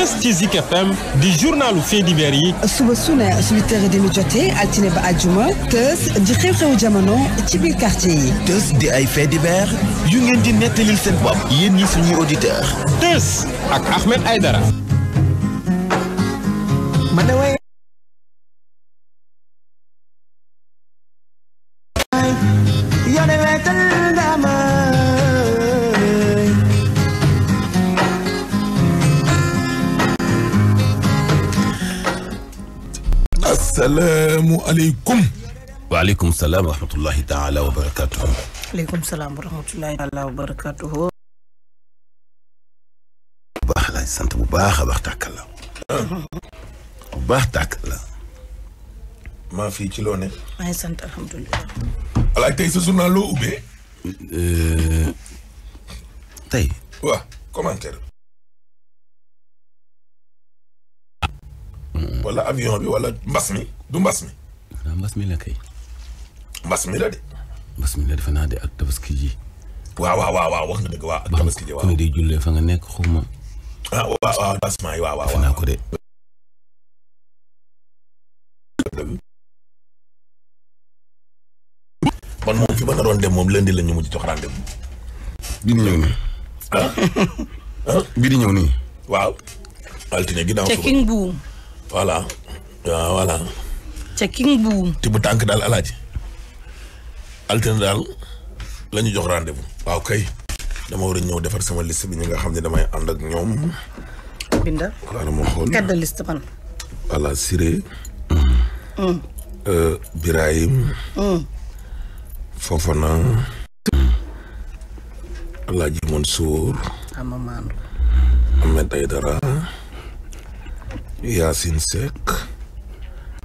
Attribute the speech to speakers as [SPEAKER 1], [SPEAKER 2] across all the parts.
[SPEAKER 1] bés ci Zik FM di journalu faits divers yi.
[SPEAKER 2] suba su ne suñu tere di mu jotee altine ba àjjuma tës di xew-xewu jamono ci biir quartier yi. tës di
[SPEAKER 3] ay faits divers yu ngeen di nettalil sen bopp. yéen ñi suñuy auditeurs.
[SPEAKER 2] tës ak
[SPEAKER 3] Ahmed Aidara.
[SPEAKER 4] asalaamu aleykum waaleykum salaam wa rahmatullahi taala wa barakatuhu
[SPEAKER 5] aleykum salaam wa rahmatullahi taala wa barakatuhu
[SPEAKER 4] bu baax laa sant bu baax a baax tàkk la bu baax tàkk la maa fii ci loo ne
[SPEAKER 5] maa ngi sant alhamdulilah
[SPEAKER 4] alaaj tey sa journal loo ubbee euh, tey waaw commentaire wala avion bi wala mbas mi du mbas mi.
[SPEAKER 3] waaw mbas la kay.
[SPEAKER 4] mbas mi la de. mbas mi la defe naa de ak tabaski waaw waaw waaw wax nga dëgg waaw ak tabaski ji waaw ku ne di jullee fa nga nekk xuma. ah waaw waaw waaw waaw. waaw. waaw
[SPEAKER 5] checking bu.
[SPEAKER 4] te bu daal alaaji altine daal la ñu jox rendez-vous. waaw kay dama war ñëw defar sama list bi ñi nga xam ne damay ànd ak ñoom. Binda. xaaral ma xool kadda liste man. voilà Siré. Mm. Euh, Birahim. Mm. Fofana. Alaaji Mansour. Amaman. Ahmed Aydara. Yacine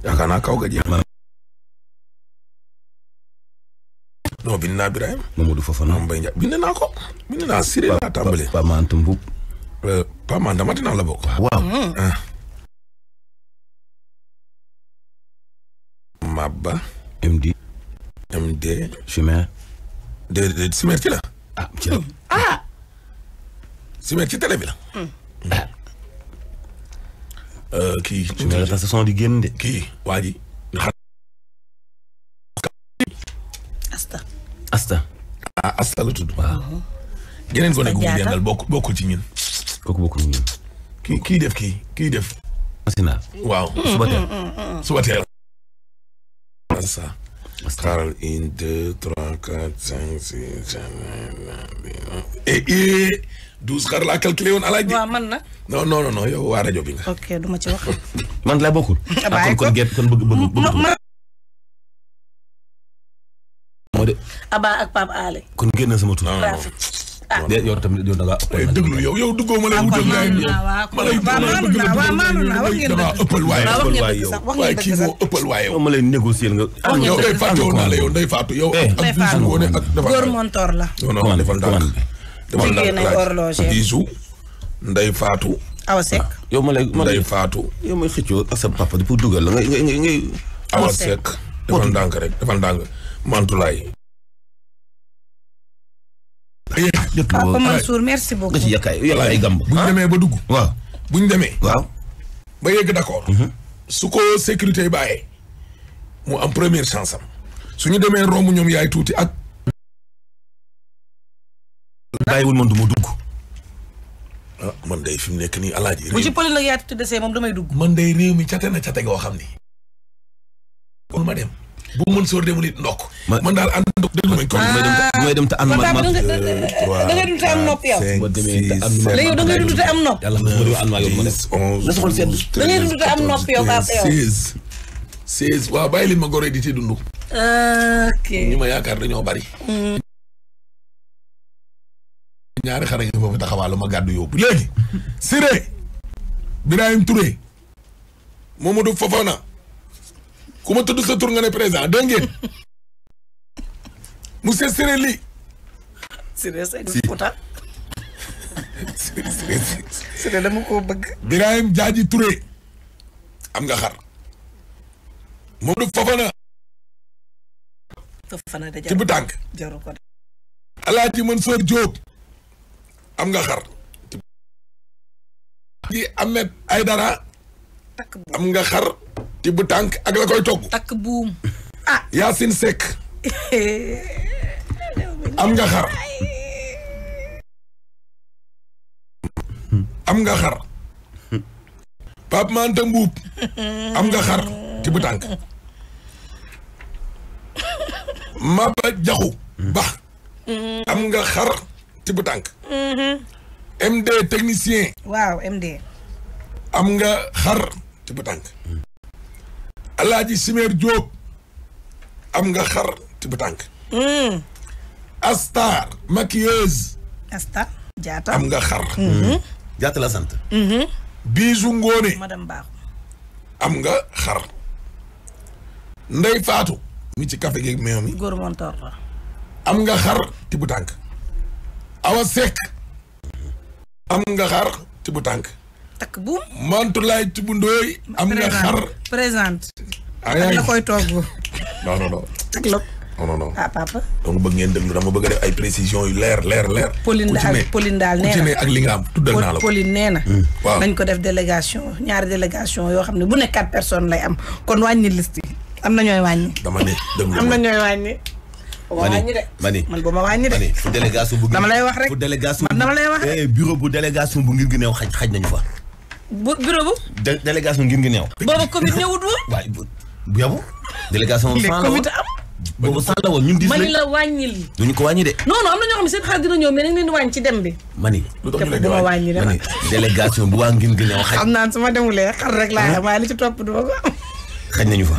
[SPEAKER 4] yaakaar naa kaw ga jeex Birahim. Mamadou Fofana Mame Mbaye Ndiaye bind naa ko. bind naa Siré laa tàmbalee. Pape Anta Mboup. Euh, Pape Anta Matina hmm. ah. Maba. MD. MD. Chimère. déedéet Chimère ci la.
[SPEAKER 3] ah ci ah.
[SPEAKER 4] kii. su ma la tasa son di génn de. kii waa ji. asta. asta. ah asta la tudd. waaw. Mhm. geneen gone bokk bokkul ci ñun. kooku bokkul ci ñun. kii kii def kii kii def. masinaa. waaw mm-hmm. suba teel. Mm-hmm. suba asta. xaaral un deux trois quatre cinq six sept huit douze xar laa calculé woon alaaj bi waaw man nag non non non yow waa rajo bi nga. ok du ma ci wax. man laa bokkul. abaaye ah, ah, kon kon gerte kon bëgg bëgg bëgg. moo de.
[SPEAKER 5] Abba ak Pape Alé.
[SPEAKER 4] kon génn sama tur. ah, ah. yow tamit yow da ngaa ëppal. Eh, déglu yow yow duggoo ma lay wutal. ah ma lay ëppal waaye. waaye kii moo ëppal waaye. ma lay négocier nga. yow day eh, fàtte woon naa la yow day fàtte yow. Eh. ak ak
[SPEAKER 5] góor montor la.
[SPEAKER 1] non non defal ndànk
[SPEAKER 4] liggéey nañ horloger Bijou Ndeye Fatou. Ah, yow ma lay Ndeye Fatou. pour dugal la ngay ngay ngay. Awa Seck defal ndànk rek defal ndànk Mantulaay. papa Mansour bu ñu ah. demee ba dugg. waaw bu ñu demee. waaw ba yegg d'accord. Mhm. su ko sécurité bàyyee mu am première chance am. su ñu demee romb ñoom yaay tuuti ak. bàyyiwul man du ma dugg. ah man day fi mu nekk nii alaaji. bu ci
[SPEAKER 5] pël nag yaa tuddee damay dugg.
[SPEAKER 4] man day réew mi cate na cate goo xam ni. ma dem. bu mu mën sóor demul it ndokk. man daal ànd ndokk déglu ma kon ah. may dem te ànd ma ma. da
[SPEAKER 3] ngay dund te am nopp yow.
[SPEAKER 4] léegi da ngay dund te am nopp. yàlla ma yow ma da ngay dund te am nopp yow papa yow. ma góor di ci dund.
[SPEAKER 5] Ah, ok ma
[SPEAKER 4] yaakaar dañoo bari. Mm. ñaari xara ngi foofu taxawaalu ma gàddu yóbbu léegi Siré Birahim Touré Mamadou Fofana ku ma tudd sa tur nga ne président dégg ngeen monsieur Siré Ly Siré Sédhiou Siré dama koo bëgg Birahim Jaaji Touré am nga xar Mamadou Fofana Fofana da jaru ko Alaaji Mansour Diop am nga xar. gi Ahmed Aidara. am nga xar. ci bu tànk ak la koy togg. takk buum. ah am nga xar. am nga xar. Pape Mante Mbuub.
[SPEAKER 6] am nga xar
[SPEAKER 4] ci bu tànk. Maba Jaxu Ba. Mm. am nga xar. tibb tànk. MD mm-hmm. technicien.
[SPEAKER 5] waaw MD.
[SPEAKER 4] am nga xar tibb tànk. Alaaji Simeer Diop am nga xar tibb tànk. Mm. Astar maquilleuse. Astar am nga xar. jaata mm-hmm. la sant. Mm-hmm. Bijou Ngone. madame Ba. am nga xar. Ndey Faatu. mi ci kafe gi meew mi. góor montor la. am nga xar tibb tànk. awa sekk am nga xar ci bu tànk. takk buum Mantoulaye Thibou Ndoye am nga xar
[SPEAKER 5] présente. aywa la koy togg. non non non. ak lóp. non non non. ah papa.
[SPEAKER 4] donc bëgg ngeen déglu dama bëgg a def ay précisions yu leer leer leer. Pauline daal Pauline
[SPEAKER 5] daal nee li
[SPEAKER 4] nga am tuddal naa la ko. Pauline nee na. Hmm. waaw nañ
[SPEAKER 5] ko def délégation ñaari délégation yoo xam ne bu ne quatre lay am kon wàññi liste yi am na ñooy wàññi.
[SPEAKER 4] dama am na
[SPEAKER 5] ñooy wàññi. ma ni ma ni man bu ma wàññi de.
[SPEAKER 3] fu délégation bu. dama lay wax rek fu délégation. man lay wax rek eh, bureau bu délégation bu ngir gi neew xaj xaj nañu fa. bu bureau bu. dé délégation ngir gi neew. boobu commune ñëwut woon. waay bu yabu.
[SPEAKER 4] délégation woon fan la woon boobu sax la woon ñun dis mani la wàññil duñu ko wàññi de
[SPEAKER 5] non non am na ñoo xam ne seen xar dina ñëw mais nañ leen wàññi ci dem bi
[SPEAKER 4] mani duma wàññi de mani délégation bu waa ngin gi neew xaj
[SPEAKER 5] xam naan sama ma demulee xar rek laa maa li ci topp duma ko
[SPEAKER 4] xaj nañu fa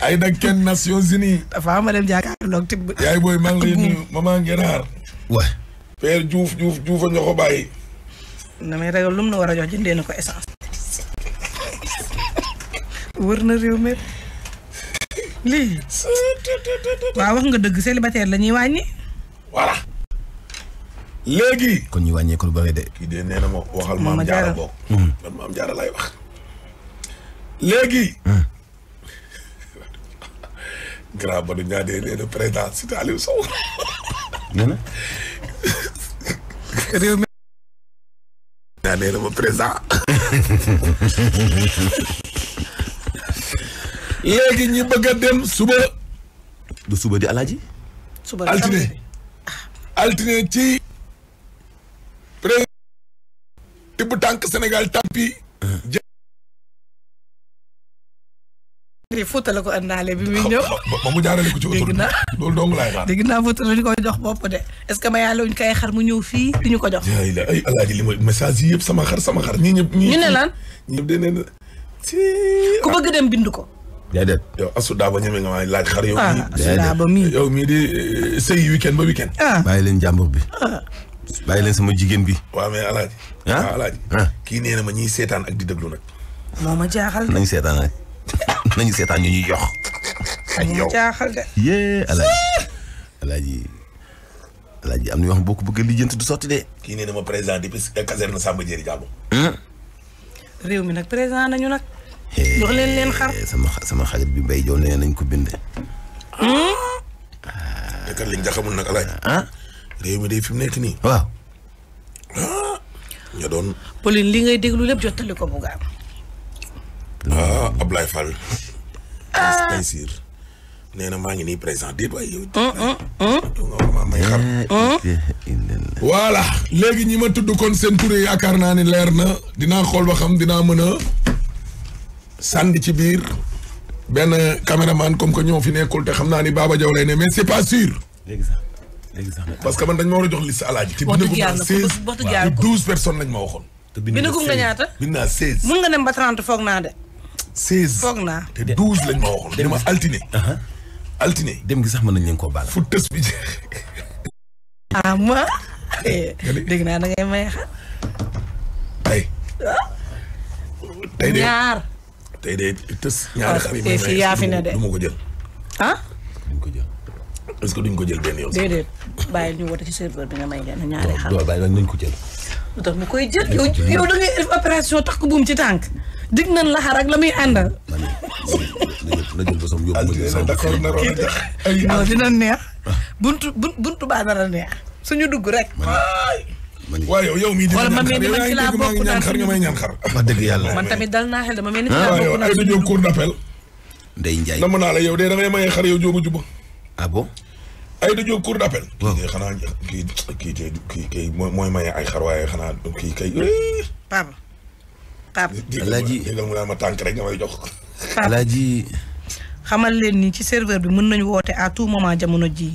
[SPEAKER 4] ay nag kenn Nations Unies. dafa ma dem jàkkaarloog tibb. yaay booy maa ngi lay nuyu maman Ngénaar. wa père Diouf Diouf Diouf a ñu ko bàyyi. na may ragal lu na war a jox
[SPEAKER 5] jëndee na ko essence. wër na réew mi lii. waaw wax nga dëgg célibataire la ñuy wàññi.
[SPEAKER 4] voilà. léegi. kon ñu wàññeeku lu bëri de. kii de nee na waxal maam jaara bokk. Hmm. man lay léegi. Hmm. grand Badou Niadé nee na président cité Aliou suba. di alaaji.
[SPEAKER 3] suba di altine
[SPEAKER 4] altine ci. président. tibb tànk Sénégal tampi. yi Fouta
[SPEAKER 5] andaale bi muy ñëw. ba mu jaarale naa Fouta la ñu koy jox bopp de est-ce que ma yàlla ñu koy xar mu ñëw fii ñu ko jox.
[SPEAKER 4] jaay li ma message yi yëpp sama xar sama xar ñii ñëpp. ñu ne lan ñëpp de ne ku bëgg dem bind ko. déedéet yow asu daa ba ñeme nga maa laaj xar yow. mii ah, yow mii di eh, sëy weekend ba weekend. Ah. bàyyi leen jàmbur bi. Ah. bàyyi leen sama jigéen bi. waaw mais alaaji. ah kii nee na ma ñiy seetaan ak di déglu nag.
[SPEAKER 5] moo ma jaaxal
[SPEAKER 4] nañ seetaan rek. nañu seetaan ñu ñuy jox. ak yow mu jaaxal de. am na yoo xam boo ko bëggee lijjanti du sotti de. kii nee na ma président depuis caserne Samba Diéry Diallo.
[SPEAKER 5] réew mi nag président nañu nag. jox leen leen xar sama
[SPEAKER 4] sama bi mbay jow nee nañ ko bindee. te ah. kat liñ nga xamul nag mu nekk nii. waaw. ña doon.
[SPEAKER 5] Pauline li ngay déglu lépp jottali ko bu
[SPEAKER 4] ah Ablaye Fall. Ah. Taysiir nee na maa ngi nii présent déet waaye yow. Mm, mm, mm. may xar. Eh, eh, eh, voilà léegi ñi ma tudd kon seen tur yi yaakaar naa ne leer na dinaa xool ba xam dinaa mën a sànni ci biir benn caméraman comme que ñoo fi nekkul te xam naa ni Baba Diaw lay ne mais c'est pas sûr. parce que man dañ ma war a jox liste alaaji te bindu ko seize douze personnes lañ ma waxoon. te bindu ko nga ñaata. bindu naa seize.
[SPEAKER 5] mun nga dem ba trente foog naa de.
[SPEAKER 4] seize foog naa te douze lañ ma de dem ma altine. altine dem gi sax mën nañ leen koo baal. fu tës bi jeex.
[SPEAKER 5] ah ma. Eh, eh, da ngay may xa. tey.
[SPEAKER 4] Ah? tey de ñaar. tey de tës ñaari ah, xar yi may eh, may na de du ko jël. ah. duñ ko jël est-ce ko jël benn yoon. déedéet
[SPEAKER 5] bàyyi ñu woote ci serveur bi nga may leen ñaari xar.
[SPEAKER 4] waaw waaw nañ ko jël.
[SPEAKER 5] lu koy jël yow yow da ngay def opération takk buum ci tànk. dig nañ la xar ak la muy àndal. non dina neex. buntu buntu baa dara neex suñu dugg rek.
[SPEAKER 4] waaw yow yow mii di man mel ni man ci laa bokk naan xar nga may ñaan xar. wax dëgg yàlla man tamit
[SPEAKER 5] dal naa xel dama mel ni ci ah, laa bokk naan ay
[SPEAKER 4] dañoo cour d'appel. Ndeye Ndiaye nam naa la yow de da ngay maye xar yow jóobu juba. ah bon. ay dañoo cour d'appel. waaw kii kii kii kii mooy maye ay xar waaye xanaa kii kay. papa. Pape Alaaji dégg mu naa ma tànk rek nga may jox. Pape Alaaji xamal leen ni ci serveur bi mën nañu woote à tout moment jamono jii.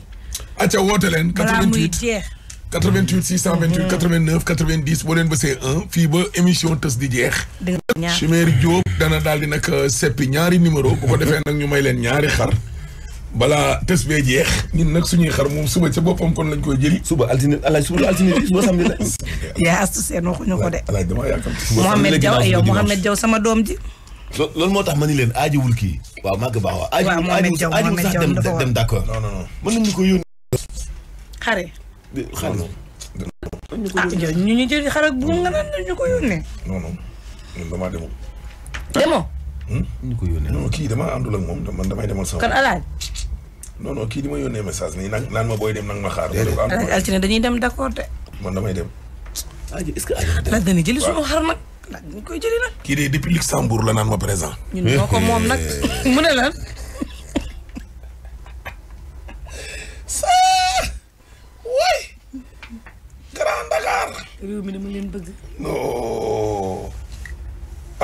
[SPEAKER 4] acca woote leen. 88 balaa muy jeex. 88 628 89 90 ba leen bësee 1 fii ba émission tës di jeex. dëgg la Chimère Diop dana daal di nag euh, seppi ñaari numéro bu ko defee nag ñu may leen ñaari xar. balaa tës bee jeex ñun nag suñuy xar moom suba ca boppam kon lañ koy jëli suba altine alaaj suba altine suba samedi la
[SPEAKER 5] yaa astu seen waxuñu ko de alaaj dama
[SPEAKER 4] yaakaar Mohamed Diaw yow Mohamed Diaw sama doom ji loolu moo tax ma ni leen aajowul kii waaw màgg baax waaw aajowul aajowul sax dem dem d'accord non non non
[SPEAKER 3] mën nañu ko yónni xare
[SPEAKER 4] xare
[SPEAKER 5] ah, ñu ñu jëli xare bu nga naan ñu ko yónnee
[SPEAKER 4] non non ñun damaa demoo
[SPEAKER 5] demoo hmm?
[SPEAKER 4] ñu ko yónnee kii dama àndul ak moom man damay demal sama kon alaaj non non kii di ma yónnee message nii naan ma booy dem nag ma xaar. déedéet
[SPEAKER 5] altine dañuy dem d'accord de. man damay dem. aji est-ce que laaj dañuy jëli suñu xar nag. laaj
[SPEAKER 4] koy jëli nag. kii de depuis Luxembourg la naan ma présent. ñun ñoo ko moom nag
[SPEAKER 5] mu ne lan. waay.
[SPEAKER 4] Grand Dakar.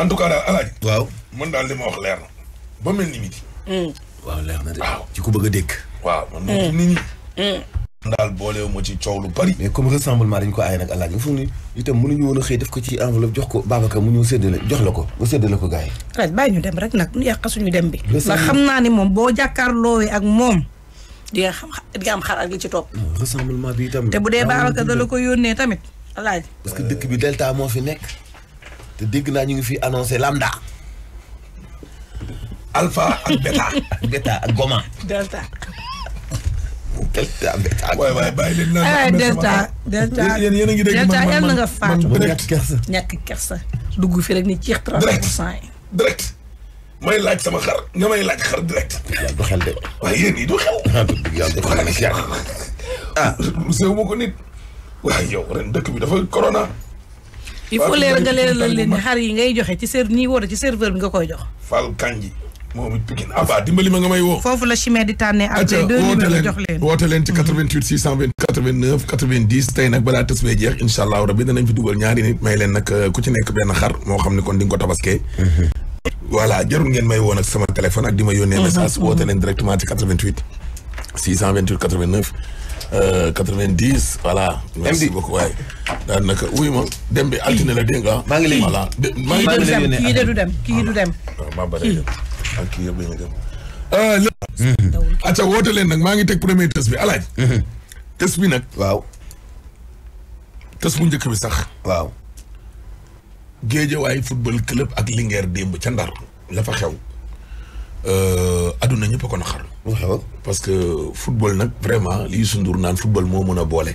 [SPEAKER 4] tout cas waaw man daal li ma wax leer ba mel ni midi. Hmm. waaw leer na de ci ku bëgg a dégg. waaw man moom
[SPEAKER 2] nit ñi.
[SPEAKER 4] daal boolewu ma ci coow lu bari. mais comme rassemblement dañ ko aay nag àllaaji nga foog ni itam mënuñu woon a xëy def ko ci enveloppe jox ko Babacar mu ñëw séddale jox la ko mu séddale ko gars yi.
[SPEAKER 5] rajo bàyyi ñu dem rek nag ñu yàq dem bi. ndax xam naa ne moom boo jàkkaarloowee ak moom. di nga xam di am xaral gi ci topp.
[SPEAKER 3] rassemblement bi itam. te bu dee Babacar da la ko
[SPEAKER 5] yónnee tamit àllaaji.
[SPEAKER 3] parce que dëkk bi delta moo fi nekk te dégg naa ñu ngi fi annoncé lambda. alpha ak beta. beta ak goma. delta. delta beta ak goma. waay bàyyi leen naan eh, delta delta yéen a ngi ñàkk kersa
[SPEAKER 5] ñàkk dugg fi rek ni ceex 30 pour cent
[SPEAKER 4] yi. sama xar nga may laaj xar direct. yàlla du xel de. waaye yéen du xel. Ah, yàlla du xel de yàlla. ah sew ma ko nit. waaye dëkk bi dafa corona. il faut leer nga leeralal leen ni xar
[SPEAKER 5] yi ngay joxe ci ser nii woote ci serveur bi nga koy jox.
[SPEAKER 4] Fall Kanji. moom it Pikine Abba ah, dimbali ma nga may woo. foofu la chimère di tànnee ak les deux numéros jox leen woote leen ci 88 628 89 90 tey nag balaa tës bee jeex incha allah rabi danañ fi dugal ñaari may leen nag euh, ku ci nekk xar moo xam ne kon di ko tabaskee. Mm-hmm. voilà jarul ngeen may woon ak sama téléphone ak di ma yónnee mm-hmm. message mm-hmm. woote leen directement ci 88 628 89. 90 euh, voilà. merci beaucoup waay. daanaka wuy ma dem bi altine la dégg nga. maa ngi lay voilà kii de du dem kii du dem acca ah, ah, euh, woote leen nag maa ngi teg premier test bi alaaj mhm. test bi nag waaw test bu njëkk bi sax waaw géejawaay football club ak Linguère démb ca Ndar la xew Euh, aduna ñëpp a ko naqar. parce que football nag vraiment li Youssou Ndour naan football moo mën a boole.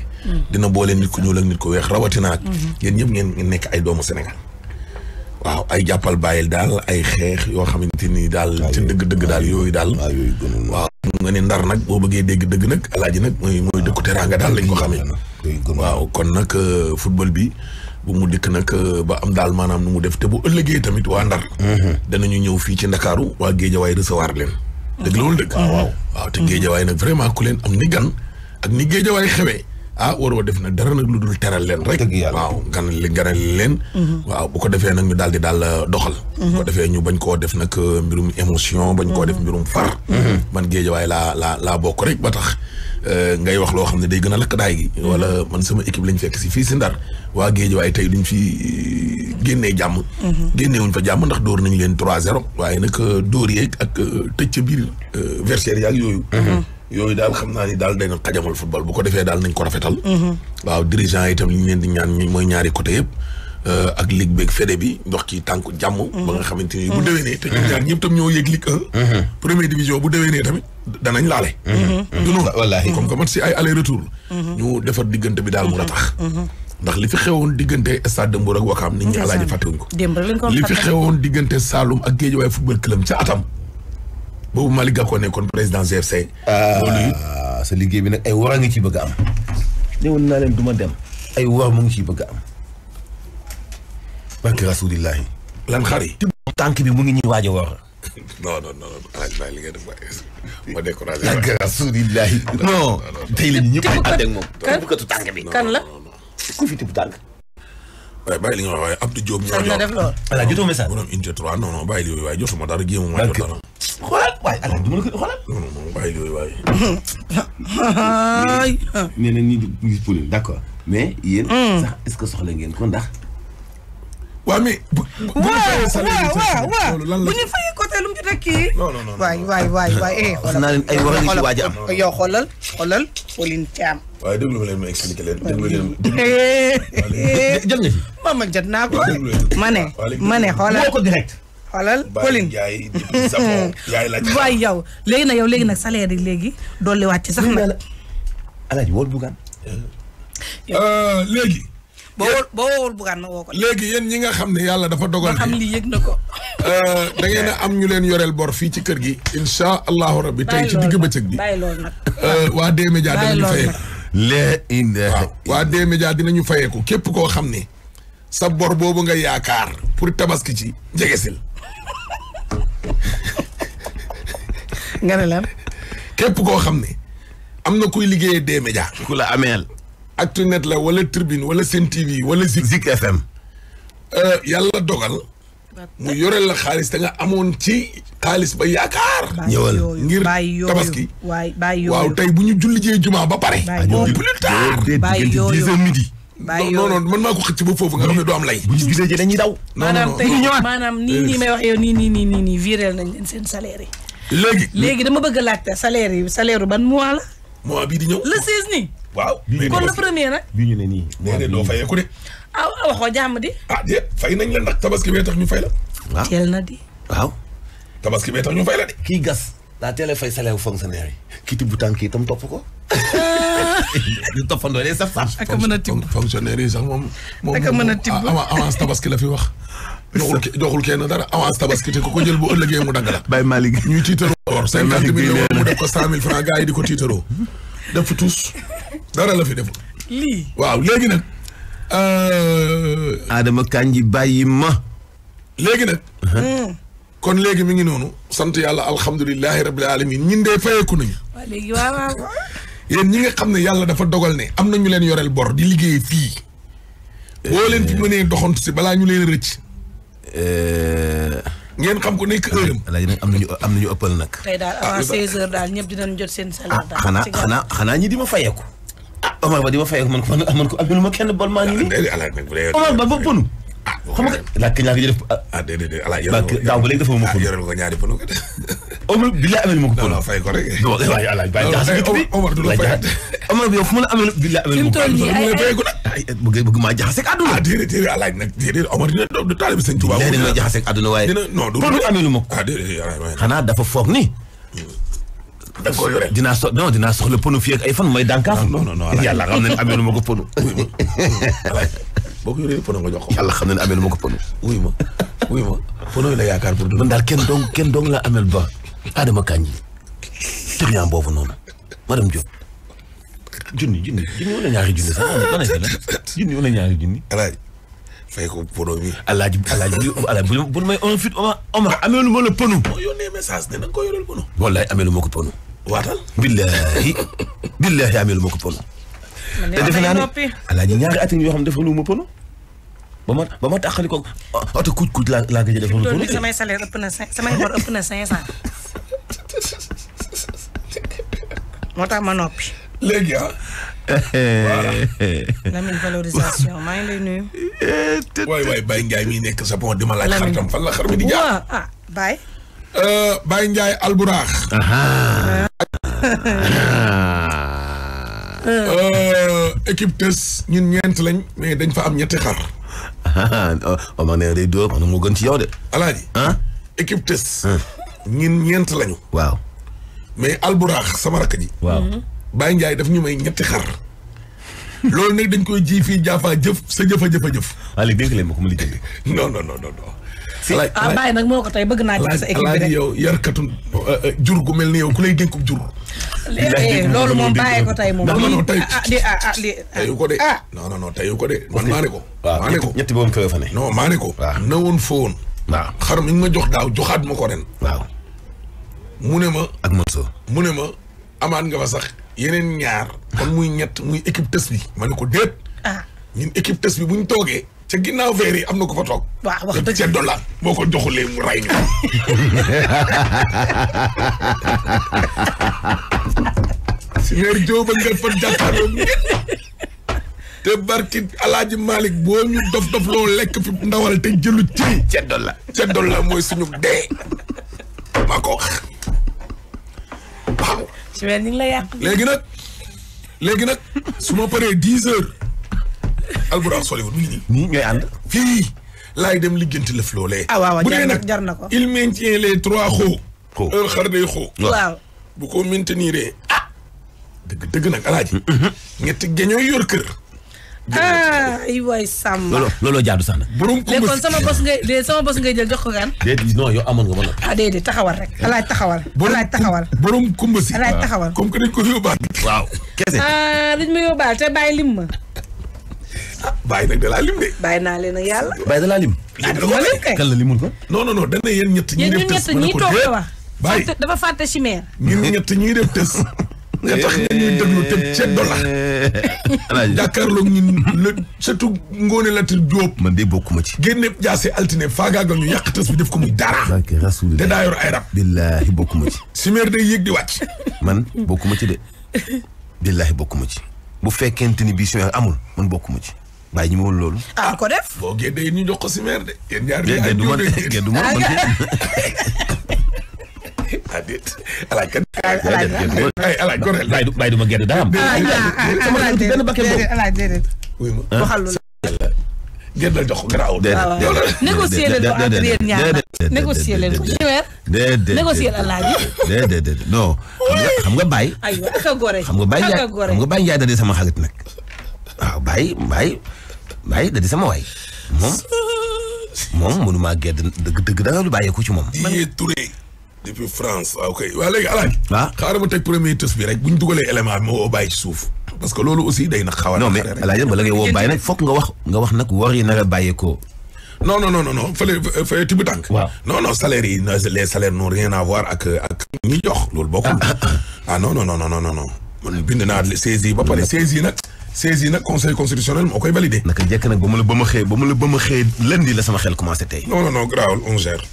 [SPEAKER 4] dina boole nit ku ñuul ak nit ku weex rawatina ak. yéen ñëpp ngeen nekk ay doomu Sénégal. waaw ay jàppal bàyyil daal ay xeex yoo xamante ni daal. ci dëgg-dëgg daal yooyu daal. waaw nga ne ndar nag boo bëggee dégg dëgg nag alaaji nag mooy mooy daal lañ ko xamee. waaw kon nag euh, football bi. bu mu dikk nag euh, ba am daal maanaam nu mu def te bu ëllëgee tamit waa Ndar. Mhm. danañu ñëw fii ci Ndakaaru waa Géejawaay recevoir leen. dëgg loolu dëgg. waaw waaw te Géejawaay nag vraiment ku leen am ni gan ak ni Géejawaay xewee. ah waroo def nag dara nag lu dul teral leen rek. waaw gan li ganal leen. Mhm. waaw bu ko defee nag ñu daal di daal euh, doxal. Mhm. bu ko defee ñu bañ koo def nag euh, mbirum émotion bañ koo def mhm. mbirum far. man géejawaay laa laa laa bokk rek ba tax. Euh, ngay wax loo xam ne day gën a lakk daay gi. wala man sama équipe lañ fekk si fii si ndar waa géejawaay tey duñ fi génne jàmm. génnewuñ fa jàmm ndax dóor nañ leen 3-0. waaye nag door yeeg ak tëj ca biir. versaire yaag yooyu. yooyu daal xam naa ni daal dana xajamal football bu ko defee daal nañ ko rafetal. waaw dirigeant yi itam li mooy ñaari côté yëpp. Euh, ak ligue beeg fédé bi ndox ci tànku jàmm. ba nga xamante ni bu déwénee te ñun ñaar ñëpp tam ñoo yëg ligue bu déwénee tamit danañ laale. du noonu wallaahi comme que man si ay aller retour. Mhm. ñu defar diggante bi daal mu ratax. Mhm. ndax li fi xewoon diggante stade de Mbour ak Wakaam nit ñi alaaji fàttewuñ ko.
[SPEAKER 5] démb li fi xewoon
[SPEAKER 4] diggante Saloum ak Guédiawaye football club ca boobu Malick Gakou nekkoon président GFC. Euh, loolu sa liggéey bi nag ay war a ngi ciy bëgg a am. néew naa leen duma dem. ay war mu ngi ciy bëgg a am. barke rasulillahi lan xari tànk bi mu ngi ñuy waaj a war. non non non arrangement li nga def waaye ma rasulillahi non tey la ñëpp ànd ak moom. kan bëggatu tànk bi kan la ku fi tibb tànk. waaye bàyyi li nga wax waaye Abdou Diop. ñoo jox voilà jotoo message. borom unité 3 non non bàyyi li yooyu waaye jotuma dara jéem ma jot dara. xoolal waaye ala du ma la ko xoolal. non non bàyyi li yooyu waaye. nee na nii di d'accord mais yéen. sax est-ce que soxla ngeen ko ndax. waa mais bu
[SPEAKER 5] bu ñu fayee sa bu ñu fayee côté lu mu jot a kii. non non non waay waay waay waay eh, waaj am. yow xoolal xoolal Pauline
[SPEAKER 4] ma leen ma expliqué leen déglu leen.
[SPEAKER 5] Eh. jël nga ci. moom ak jot naa ko. ma ne ma ne
[SPEAKER 4] ko direct. xoolal Pauline yaay la waay
[SPEAKER 5] yow léegi nag yow léegi nag salaire yi léegi dolliwaat ci sax nag.
[SPEAKER 4] Alaaji wóol bugaan. Eh. Euh, léegi. boo boo woowul bugaan ma léegi yéen ñi nga xam ne yàlla dafa dogal. ma xam li na ko. Euh, am ñu leen yoreel bor fii ci kër gi. incha allahu rabbi tey ci digg bëccëg bi. bàyyi euh, waa D-Média dinañu fayeeku. waa D-Média dinañu fayeeku képp koo xam ne. sa bor boobu nga yaakaar pour tabaski ci njegesil. nga ne lan. képp koo xam ne. am na kuy liggéeyee D-Média. ku la ameel. Actunet la wala Tribune wala seen TV wala Zik Zik FM. Euh, yàlla dogal. mu yore la xaalis da nga amoon ci xaalis ba yaakaar. ñëwal ngir tabaski. waay waaw tey bu ñu julli jee juma ba pare. Ah, au plus tard. bàyyi yooyu dix heures midi. bàyyi non non man maa ko xëcc ba nga xam ne doo am lay. bu ñu gisee ji dañuy daw. non non
[SPEAKER 5] maanaam nii nii may nii nii nii nii virel nañ leen seen salaire yi.
[SPEAKER 4] léegi léegi
[SPEAKER 5] dama bëgg a laajte salaire yi salaire ban mois la.
[SPEAKER 4] mois bii di ñëw le seize nii. waaw. kon le premier nag. bi ñu ne nii. nee na doo fayeeku de.
[SPEAKER 5] Ah, ah waxoo jàmm di.
[SPEAKER 4] ah déet fay nañ la ndax tabaski bee tax ñu fay la. Ah. na di. waaw. tabaski bee tax fay de. kii gas daa teel a fay salaire fonctionnaire yi.
[SPEAKER 3] kii tibb tànk kii itam topp ko.
[SPEAKER 4] Ah. ñu toppandoo de sax sax. ak a mën a tibb fonctionnaire yi sax moom. ak a mën a tibb moom avance tabaski la fi wax. joxul joxul kenn dara avance tabaski te ku ko jël bu ëllëgee mu dagg la. Baye Malick ñuy tiitaroo. or cinquante millions mu def ko cent mille francs gars di ko tiitaroo. def tuus dara la fi def lii waaw léegi nag. Euh, Adama Kanji bàyyi ma. léegi nag. Hmm. kon léegi mi ngi noonu sant yàlla alhamdulilahi rabbil alamin ñun de fayeeku nañu.
[SPEAKER 5] waaw léegi waaw waaw.
[SPEAKER 4] yéen ñi nga xam ne yàlla dafa dogal ne am na ñu leen yoreel bor di liggéey fii. Eh. boo leen fi mënee doxantu si balaa ñu leen rëcc. Eh. ngeen xam ko nekk heure am nañu am nañu ëppal nag.
[SPEAKER 5] tey daal avant 16 ah, heures daal ñëpp dinañ jot seen salaire daal.
[SPEAKER 4] Ah,
[SPEAKER 3] xanaa xanaa xanaa ñi di ma fayeeku. ah Omar Ba di ma fay man ko man ko amelu ma kenn bol maa ngi nii. Ah, Omar Ba ba pënu. ah xam nga laaj kañ laa ko
[SPEAKER 4] def. Ah. ah déedéet ala yorelu ko daaw ba léegi dafa ma ko yorelu ko ñaari pënu. Omar billaay amelu ma ko pënu. non fay ko rek. non waaye alaaj bàyyi jaxase dëkk
[SPEAKER 3] bi Omar du la fay. Omar bi yow fu mu la amelu billaay amelu
[SPEAKER 4] ma ko bëgg bëgg maa jaxase ak àdduna. ah déedéet déedéet alaaj nag déedéet Omar dina du taalibi sëñ Tuubaa. léegi dina jaxase ak àdduna waaye. non du amelu ma ko. ah déedéet alaaj
[SPEAKER 3] xanaa dafa foog ni
[SPEAKER 4] da nga dinaa so non dinaa soxla pono fii ak ay fan mooy dànkaaf. non non non yàlla xam ne amee lu ma ko pono. boo ko yoree pono nga jox ko. yàlla xam ne amee lu ma ko pono. wuy ma wuy ma pono yi la yaakaar pour. man daal kenn message ne na nga koo yoreel pono. wallaay amee waatal. billahi billahi amee lu ma ko pono. te defe naa ne
[SPEAKER 3] alaaji ñaari at yoo xam ne defalu ma pono. ba ma ba ma taxali ko oto kuuj kuuj laa laa gëj a defalu pono. samay
[SPEAKER 5] salaire ëpp na cinq samay bor ëpp na cinq moo tax ma noppi. léegi ah.
[SPEAKER 4] voilà. Lamine valorisation maa ngi lay nuyu. waay waay Baye Ndiaye mi nekk sa bon di ma laaj. xaritam fan la xar mi di jaar waaw ah Baye. Euh, Baye Ndiaye Euh, équipe tës ñun ñeent lañ mais dañ fa am ñetti xar. ah man de mu gën ci yow de. alaaji. ah équipe tës. ñeent lañu. waaw. mais alburaax sama rakk ji. waaw mhm. Baye def ñu may ñetti xar. loolu nag dañ koy ji fii jaafaa jëf sa jëf a jëf a jëf. waaye ah, léegi dénk leen ma ko mu lijjanti. non non non non. alaay alaay ah Baye nag
[SPEAKER 5] moo ko tey bëgg naa ci sa équipe yow
[SPEAKER 4] yarkatu euh, euh, jur gu mel ni yow ku lay dénkub jur. Eh, eh, loolu moom bàyyi ko tey moom. non non tey teyu ko de. Ah. non non non teyu ko de man maa ne ko. maa ne ko ñetti boobu kër fa ne. non maa ne ko. waaw ne woon fóon. waaw xar mi nga ma jox daaw joxaat ma ko ren. waaw. mu ne ma. ak Mansour. mu ne ma amaat nga fa sax yeneen ñaar. kon muy ñett muy équipe test bi. ma ne ko déet. Ah. ñun équipe test bi bu ñu toogee. ca ginnaaw verre am na ko fa toog. waaw wax dëgg dollar boo ko joxulee mu ray ñu. sineer Diop ak ngeen fa jàkkaarloo te barki alaaji Malick boo ñu dof dof loo lekk fi ndawal te jëlu ci ca dollar ca dollar mooy suñu dee ñu ngi la yàq. léegi nag léegi nag su ma paree dix heures. Alburax Hollywood mi ngi nii. dem liggéenti lëf loolee. ah waaw bu dee nag jar na ko. il maintient le trois a xoo heure xar day xoo. waaw bu ko maintenir ah. dëgg dëgg nag alaaji. Mhm. ñetti géñooy yor kër.
[SPEAKER 5] Ah, ay waay sàmm. looloo
[SPEAKER 4] looloo jaadu sax nag. borom kumba kon sama bos
[SPEAKER 5] ngay de sama bos ngay jël jox ko gan.
[SPEAKER 4] déedéet non yow nga mën
[SPEAKER 5] a. Ah, taxawal rek. alaaj
[SPEAKER 4] taxawal. borom kumba si. alaaj taxawal comme que dañ ko yóbbaal. waaw kese.
[SPEAKER 5] ah dañ ma yóbbaal te bàyyi lim
[SPEAKER 4] ah bàyyi nag dalaa lim de. bàyyi naa leen ak yàlla. bàyyi dalaa lim. kan la limul ko. non non non dana yéen ñett ñi def tës ñi toog la wax.
[SPEAKER 5] dafa fàtte chimère.
[SPEAKER 4] ñun ñett ñi def tës. nga tax ngeen ñuy déglu te ceddo la. alaaji jàkkaarloog ñun ngoone la Ngone Latir man de bokkuma ci. génne jaase altine faagaagal ñu yàq tës bi def ko muy dara. te daa yor ay rab. billaahi bokkuma ci. chimère day yéeg di wàcc. man bokkuma ci de. billaahi bokkuma ci. bu fekkente ni bii amul man bokkuma ci waaye ñu lool woon loolu. ah ko def. boo génnee jox ko si maire de. yéen ñaar ñi ay ma alaaj ma gerte daa am.
[SPEAKER 3] alaaj déedéet
[SPEAKER 5] alaaj déedéet
[SPEAKER 4] waxal lu la. gerte jox ko garaaw. Ah, déedéet négocier leen ko
[SPEAKER 3] entre yéen ñaar
[SPEAKER 5] négocier leen ko ci weer.
[SPEAKER 3] déedéet négocier xam nga xam a nga Baye Ndiaye xam nga sama xarit nag. waaw ah, Baye Baye Baye da sama waay moom moom mënu
[SPEAKER 4] maa gedd dëgg dëgg da nga ci moom. Didier Touré depuis France waaw ah, kay waaw léegi alaaj waaw ah. xaaral ma teg premier tës bi rek bu ñu dugalee élément bi ma woo Baye ci suuf. parce que loolu aussi day na xaw a. non mais alaaj bala ngay woo Baye nag
[SPEAKER 3] foog nga wax nga wax nag war yi nar a bàyyeekoo.
[SPEAKER 4] non non non non yi les salaires n'ont rien à ak ak ñi loolu bokkul. ah non non non non non non man bind naa saisi ba pare saisi nag. saisi nag conseil constitutionnel moo koy validé. naka jekk nag ba mu la ba ma xëy ba mu la ba ma xëy lundi la sama xel commencé tey. non non non garaawul on gère.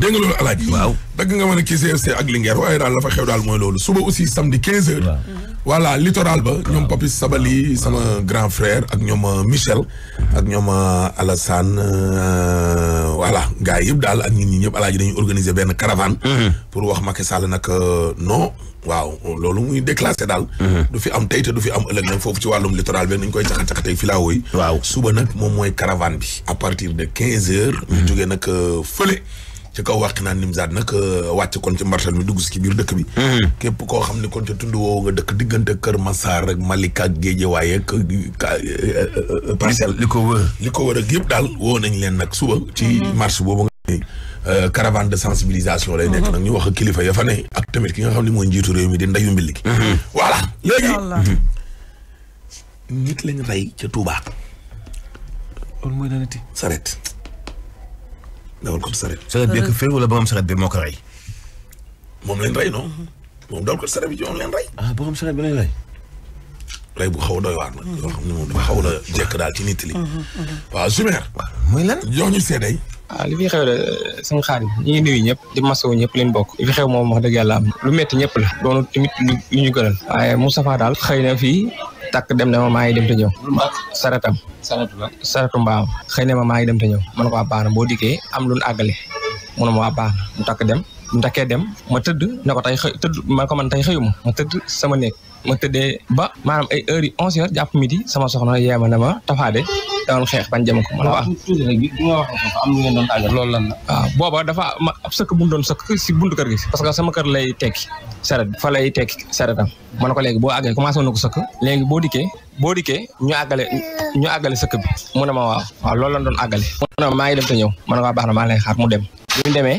[SPEAKER 4] dégg loolu alaaji. waaw dagg nga mën a kii CFC ak Linguère waaye daal la fa xew daal mooy loolu suba aussi samedi 15h. waaw mhm. voilà littoral ba. ñoom Papis Sabali sama grand frère ak ñoom euh, Michel. ak ñoom euh, Alassane euh, voilà gars yëpp daal ak nit ñi ñëpp alaaji dañuy organiser benn caravane. Mhm. pour wax Macky Sall nag no waaw loolu muy déclassé daal. Mhm. du fi am tey te du fi am ëllëg nag foofu ci wàllum littoral bi dañ koy caxa caxa tey filaawo yi. waaw suba nag moom mooy caravane bi. à partir de quinze heures. Mhm. ñu jógee nag euh, fële. ci kaw wàq naan Nimzaat nag euh, wàcc kon ci martal mi dugg si ci biir dëkk bi. Mhm. képp koo xam ne kon ca tund woowu nga dëkk diggante Kër Massar ak Malika ak Géejawaay ak euh, parcelle. li ko wër li ko war ak yëpp daal woo nañ leen nag suba. ci marche boobu nga. Euh, caravane de sensibilisation lay nekk mhm. nag ñu wax ak kilifa ya fa ne ak tamit ki nga xam ne mooy njiitu réew mi di ndayu mbilli gi mhm. voilà léegi mhm. nit lañ rey ca tuuba loolu mooy lanati saret dawal ko saret saret bi ak saret bi moo ko rey moom leen rey non moom dawal ko saret bi ci leen rey ah borom saret bi leen rey rey bu xaw a doy waar nag yoo
[SPEAKER 7] xam ne moom dafa xaw la jekk daal ci nit li waaw Jumer mooy lan jox ñu seedey waaw ah, li fi xew de suñu xaadim ñu ngi nuyu ñëpp di masawu ñëpp leen bokk fi xew moom wax dëgg yàlla lu metti ñëpp la doonu tamit lu ñu gënal waaye Moustapha daal xëy na fii takk dem na ma maa ngi dem te ñëw saratam saratu mbaam xëy na ma maa ngi dem te ñëw man ko waa ah, baax na dikkee am lu ñu àggale mu ne ma waa ah, mu takk dem mu takkee dem ma tëdd na ko tey xëy tëdd man man tey xëyuma ma tëdd sama néeg ma tëddee ba maanaam ay heures yi onze heures jàpp midi sama soxna yeema na ma tafaade dawal xeex bañ jëm ko. ma ne ko ah toujours rek bi loolu lan la. Ah, booba dafa ma ab sëkk bu doon sëkk si buntu kër gi. parce que sama kër lay tekki saret fa lay tekki saretam ma ne ko léegi boo àggee commencé woon na ko sëkk léegi boo dikkee boo dikkee ñu àggale ñu àggale sëkk bi a ma waaw waaw loolu lañ doon àggale mu ne maa ngi dem te ñëw man a ko baax na maa lay xaar mu dem mu demee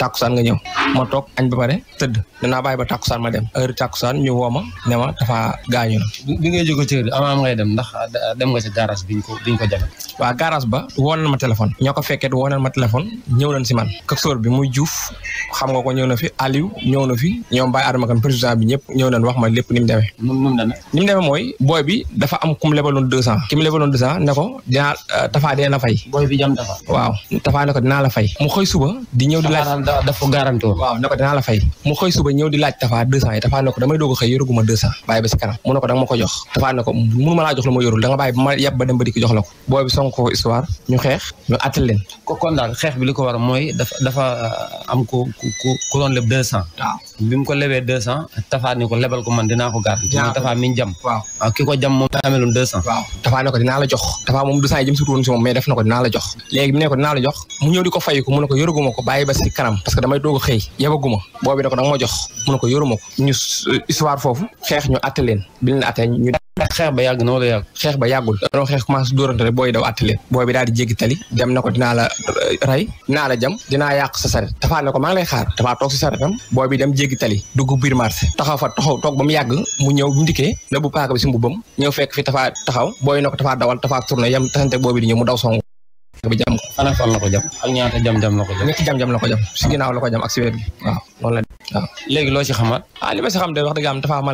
[SPEAKER 7] tàkkusaan nga ñëw ma toog añ ba pare tëdd ma dem heure tàkkusaan ñu woo ma gaañu na bi nga ci ko waaw garage ba woon na ma téléphone ñoo ko ñëw nañ si man kaksóor bi muy Juuf xam nga ñëw na fi Aliou ñëw na fi ñoom Baye Adama kan président bi ñëw nañ wax ma lépp ni mu demee ni mu demee mooy booy bi dafa am ku mu lebaloon deux cent ki mu lebaloon tafaa dina fay waaw tafaa ne ko la fay mu xëy suba di ñëw di laaj da dafa garanti woon waaw ko dinaa la fay mu xëy suba ñëw di laaj Tafa deux cent yi Tafa ne ko damay doog a xëy yoruguma deux cent bàyyi ba si kanam mu ko da nga ma ko jox Tafa ne ko mënuma laa la ma yorul da nga bàyyi ba ma ba dem ba di ko histoire ñu xeex ñu attal kon daal xeex bi li ko war mooy dafa dafa euh, am ku ku ku doon leb deux cent waaw bi ko lebee deux cent tafaa ni ko lebal ko man dinaa ko gaar ah, ki moom ameloon deux cent tafaa ne ko dinaa la jox tafaa moom deux cent yi jëm si moom mais def na ko dinaa la jox léegi bi ne ko la jox mu ñëw di ko fay mu ne ko yoruguma ko bàyyi ba si kanam parce que damay doog a xëy yebaguma boobi ko danga ma jox mu ne ko yoruma ko histoire foofu xeex ñu atte leen bi ñu ndax xeex ba yàgg noonu la yàgg xeex ba yàggul danoo xeex commencé dóorante rek booy daw àttale booy bi daal di jéggi tali dem na ko dinaa la euh, rey dinaa la jam dinaa yàq sa saret dafaa ne ko maa ngi lay xaar dafaa toog si saretam booy bi dem jéggi tali dugg biir marché taxaw fa taxaw toog ba mu yàgg mu ñëw ndikee na bu paaka bi si mbubbam ñëw fekk fi tafaa taxaw booy na ko tafaa dawal tafaa tourné yam tasante boobi di ñëw mu daw song ba jam ko ana fan ko jam ak ko jam si ginnaaw la ko jam ak si wér gi waaw noonu la waaw léegi loo ci xamaat ah li ma xam de wax dëgg am dafa am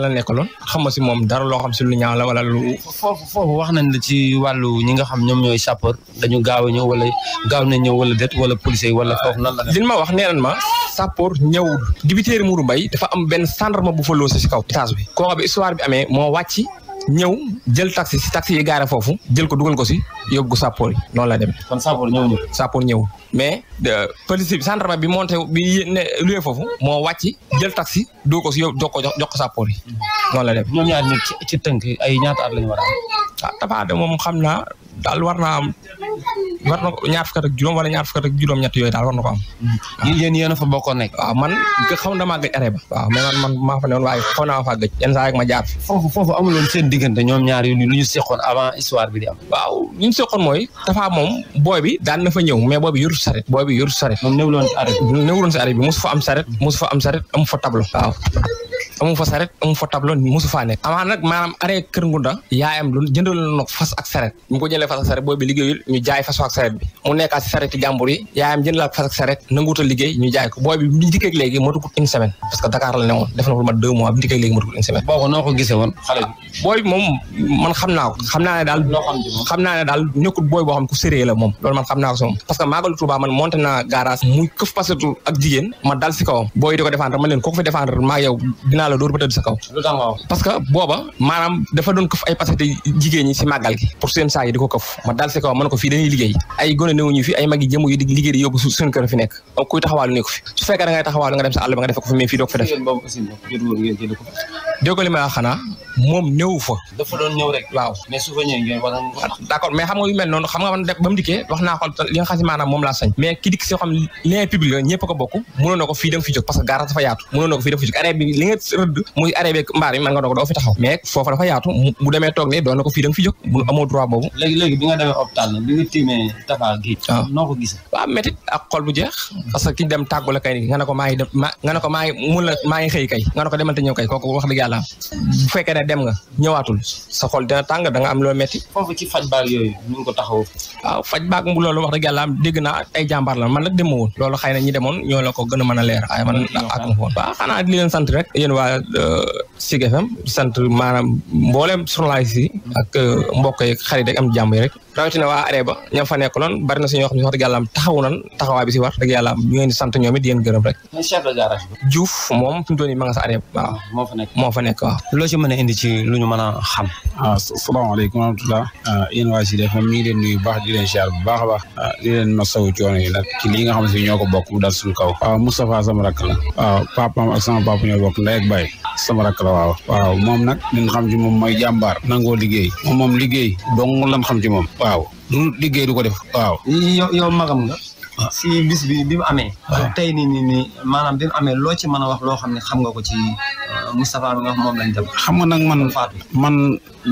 [SPEAKER 7] xam ma si moom dara loo xam si lu ñaaw lu foofu foofu wax nañ la ci wàllu ñi nga xam ñoom ñooy sapeur dañu gaaw a ñëw wala gaaw na ñëw wala déet wala policier yi wala foofu nan la liñ ma wax ne nañ ma sapeur ñëwul dibiteeri Mourou Mbaye dafa am benn gendarme bu fa loose si kaw étage bi xam histoire bi amee moo wàcc ñëw jël taxi si taxi yi gaare foofu jël ko dugal ko si yóbbu ko sàppoor yi la dem kon sàppoor ñëw ñëw. sàppoor ñëw mais police bi gendarme bi monté bi ne luwee foofu moo wàcc jël taxi dugal ko si yóbbu jox ko jox ko sàppoor yi noonu la demee. ñoom ñaar ñi ci tënk ay ñaata at lañu a am. Ah, moom xam naa daal war naa am war na ñaar fukk ak juróom wala ñaar fukk ak juróom-ñett yooyu daal war ko am. Mm-hmm. a fa bokkoon man xaw na maa gëj arrêt ba. waaw man man maa fa ne woon waaye xaw naa faa en yenn saa rek ma jaar. foofu foofu amuloon seen diggante ñoom ñaar yu lu ñu seqoon avant histoire bi di am. waaw li ñu seqoon mooy dafa moom booy bi daan na fa ñëw mais booy bi yoru saret booy bi yoru saret moom newuloon si arrêt bi newuloon si arrêt bi mosu fa am saret mosu am saret amu amu fa saret amu fa tableau mosu faa nekk amaa Kër Ngunda yaayam lu jëndal na fas ak saret mu ko saret booy bi liggéeyul ñu jaay fas ak saret bi mu nekkaat si saret yi fas ak saret nanguutal liggéey ñu jaay ko booy moom loolu man xam naa ko si parce que maagalu Touba man monté naa garage muy këf ak jigéen ma dal si booy di ko défendre man leen ko fi défendre maa yow dinaa la ba tëdd sa kaw parce que booba maanaam dafa doon këf ay passé jigéen ñi si màggal gi pour seen saa yi di ko këf ma dal si kaw mën ko fii di ko fi mais fii doo dafa doon ñëw rek waaw ah, d'accord mais xam nga yu mel noonu ba mu dikkee wax naa xool li nga xam si maanaam moom laa sañ mais ki dikk si xam lien public la ñëpp ko bokk mënoon na ko fii dem fi jóg parce que garage dafa yaatu mënoon na ko fii dem fi jóg arrêt bi li nga rëdd a arrêt beeg mbaar mi a nga doog doo fi taxaw mais foofa dafa yaatu bu demee toog ne doon ko fii da nga fi jóg bu amoo droit boobu xëy kay nga ne ko demal te ñëw kay kooku wax dëgg yàlla bu fekkee ne dem nga ñëwaatul sa xol dina tàng da am loo métti faj baag loolu wax dëgg yàlla dégg naa ay jàmbaar la man nag dema woon loolu xëy na ñi demoon ñoo ko gën a mën a leer waaye man ak ma woon rek waa Sig euh, FM sant maanaam mboolem journaliste yi ak euh, mbokk yi xarit yi am jàmm yi rek rawatina waa aree ba ñoo fa nekkaloon bari na si ñoo xam ne wax dëgg yàlla am taxaw nan taxawaay bi si war dëgg yàlla am ñu sant ñoom it yéen gërëm rek. chef moom fi mu a nii ma nga sa aree ah, moo fa nekk moo fa loo ci mën indi ci lu ñu mën a xam.
[SPEAKER 2] waaw ah, salaamaaleykum wa rahmatulah. Ah, yéen waa Sud FM mi ngi leen nuyu baax di bu baax a baax. di leen yi nag ci lii nga xam ñoo ko bokk mu dal suñu kaw. waaw Moustapha sama rakk la. waaw papaam ak ñoo bokk ndey ak baay sama rakk la waaw waaw moom nag li xam ci moom mooy jàmbaar nangoo liggéey moom moom liggéey dong lan xam ci moom waaw du liggéey du ko def waaw yow magam nga ah. si
[SPEAKER 7] bis bi bi mu ah. tey ni ni ni maanaam bi mu loo ci mën a wax loo xam ne xam nga ko ci
[SPEAKER 3] euh,
[SPEAKER 2] Moustapha bi nga wax moom lañ dem xam nga nag man man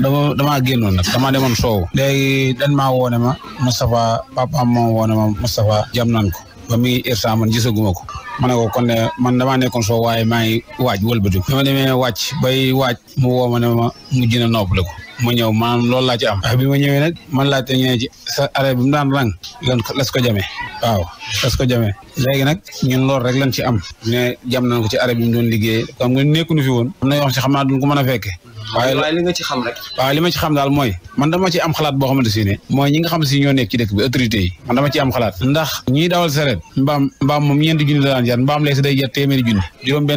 [SPEAKER 2] dama damaa génnoon nag damaa demoon soow léegi dañ maa woone ma Moustapha papaam moom woone ma Moustapha jam nan ko ba mi ngi irta man gisaguma ko ma ne ko kon ne man damaa nekkoon soo waaye maa ngi waaj wëlbatiku bi ma demee wàcc bay waaj mu woo ma ne ma mujj na noppale ko ma ñëw maanaam loolu laa ci am bi ma ñëwee nag man laa te ñëwee ci sa arrêt bi mu daan rang lan ko jamee waaw las ko jamee léegi nag ñun loolu rek lan ci am ne jam nañ ko ci arrêt bi mu doon liggéeyee comme fi woon am na yoo xam xam naa duñ ko mën a waaw li ma ci xam daal mooy man dama ci am xalaat boo xamante si ne mooy ñi nga xam si ñoo nekk ci dëkk bi autorité yi man ci am xalaat ndax ñiy dawal sareet mbaam mbaam moom ñeenti junni la daan jar mbaam léegi si day jar téeméeri junni juróom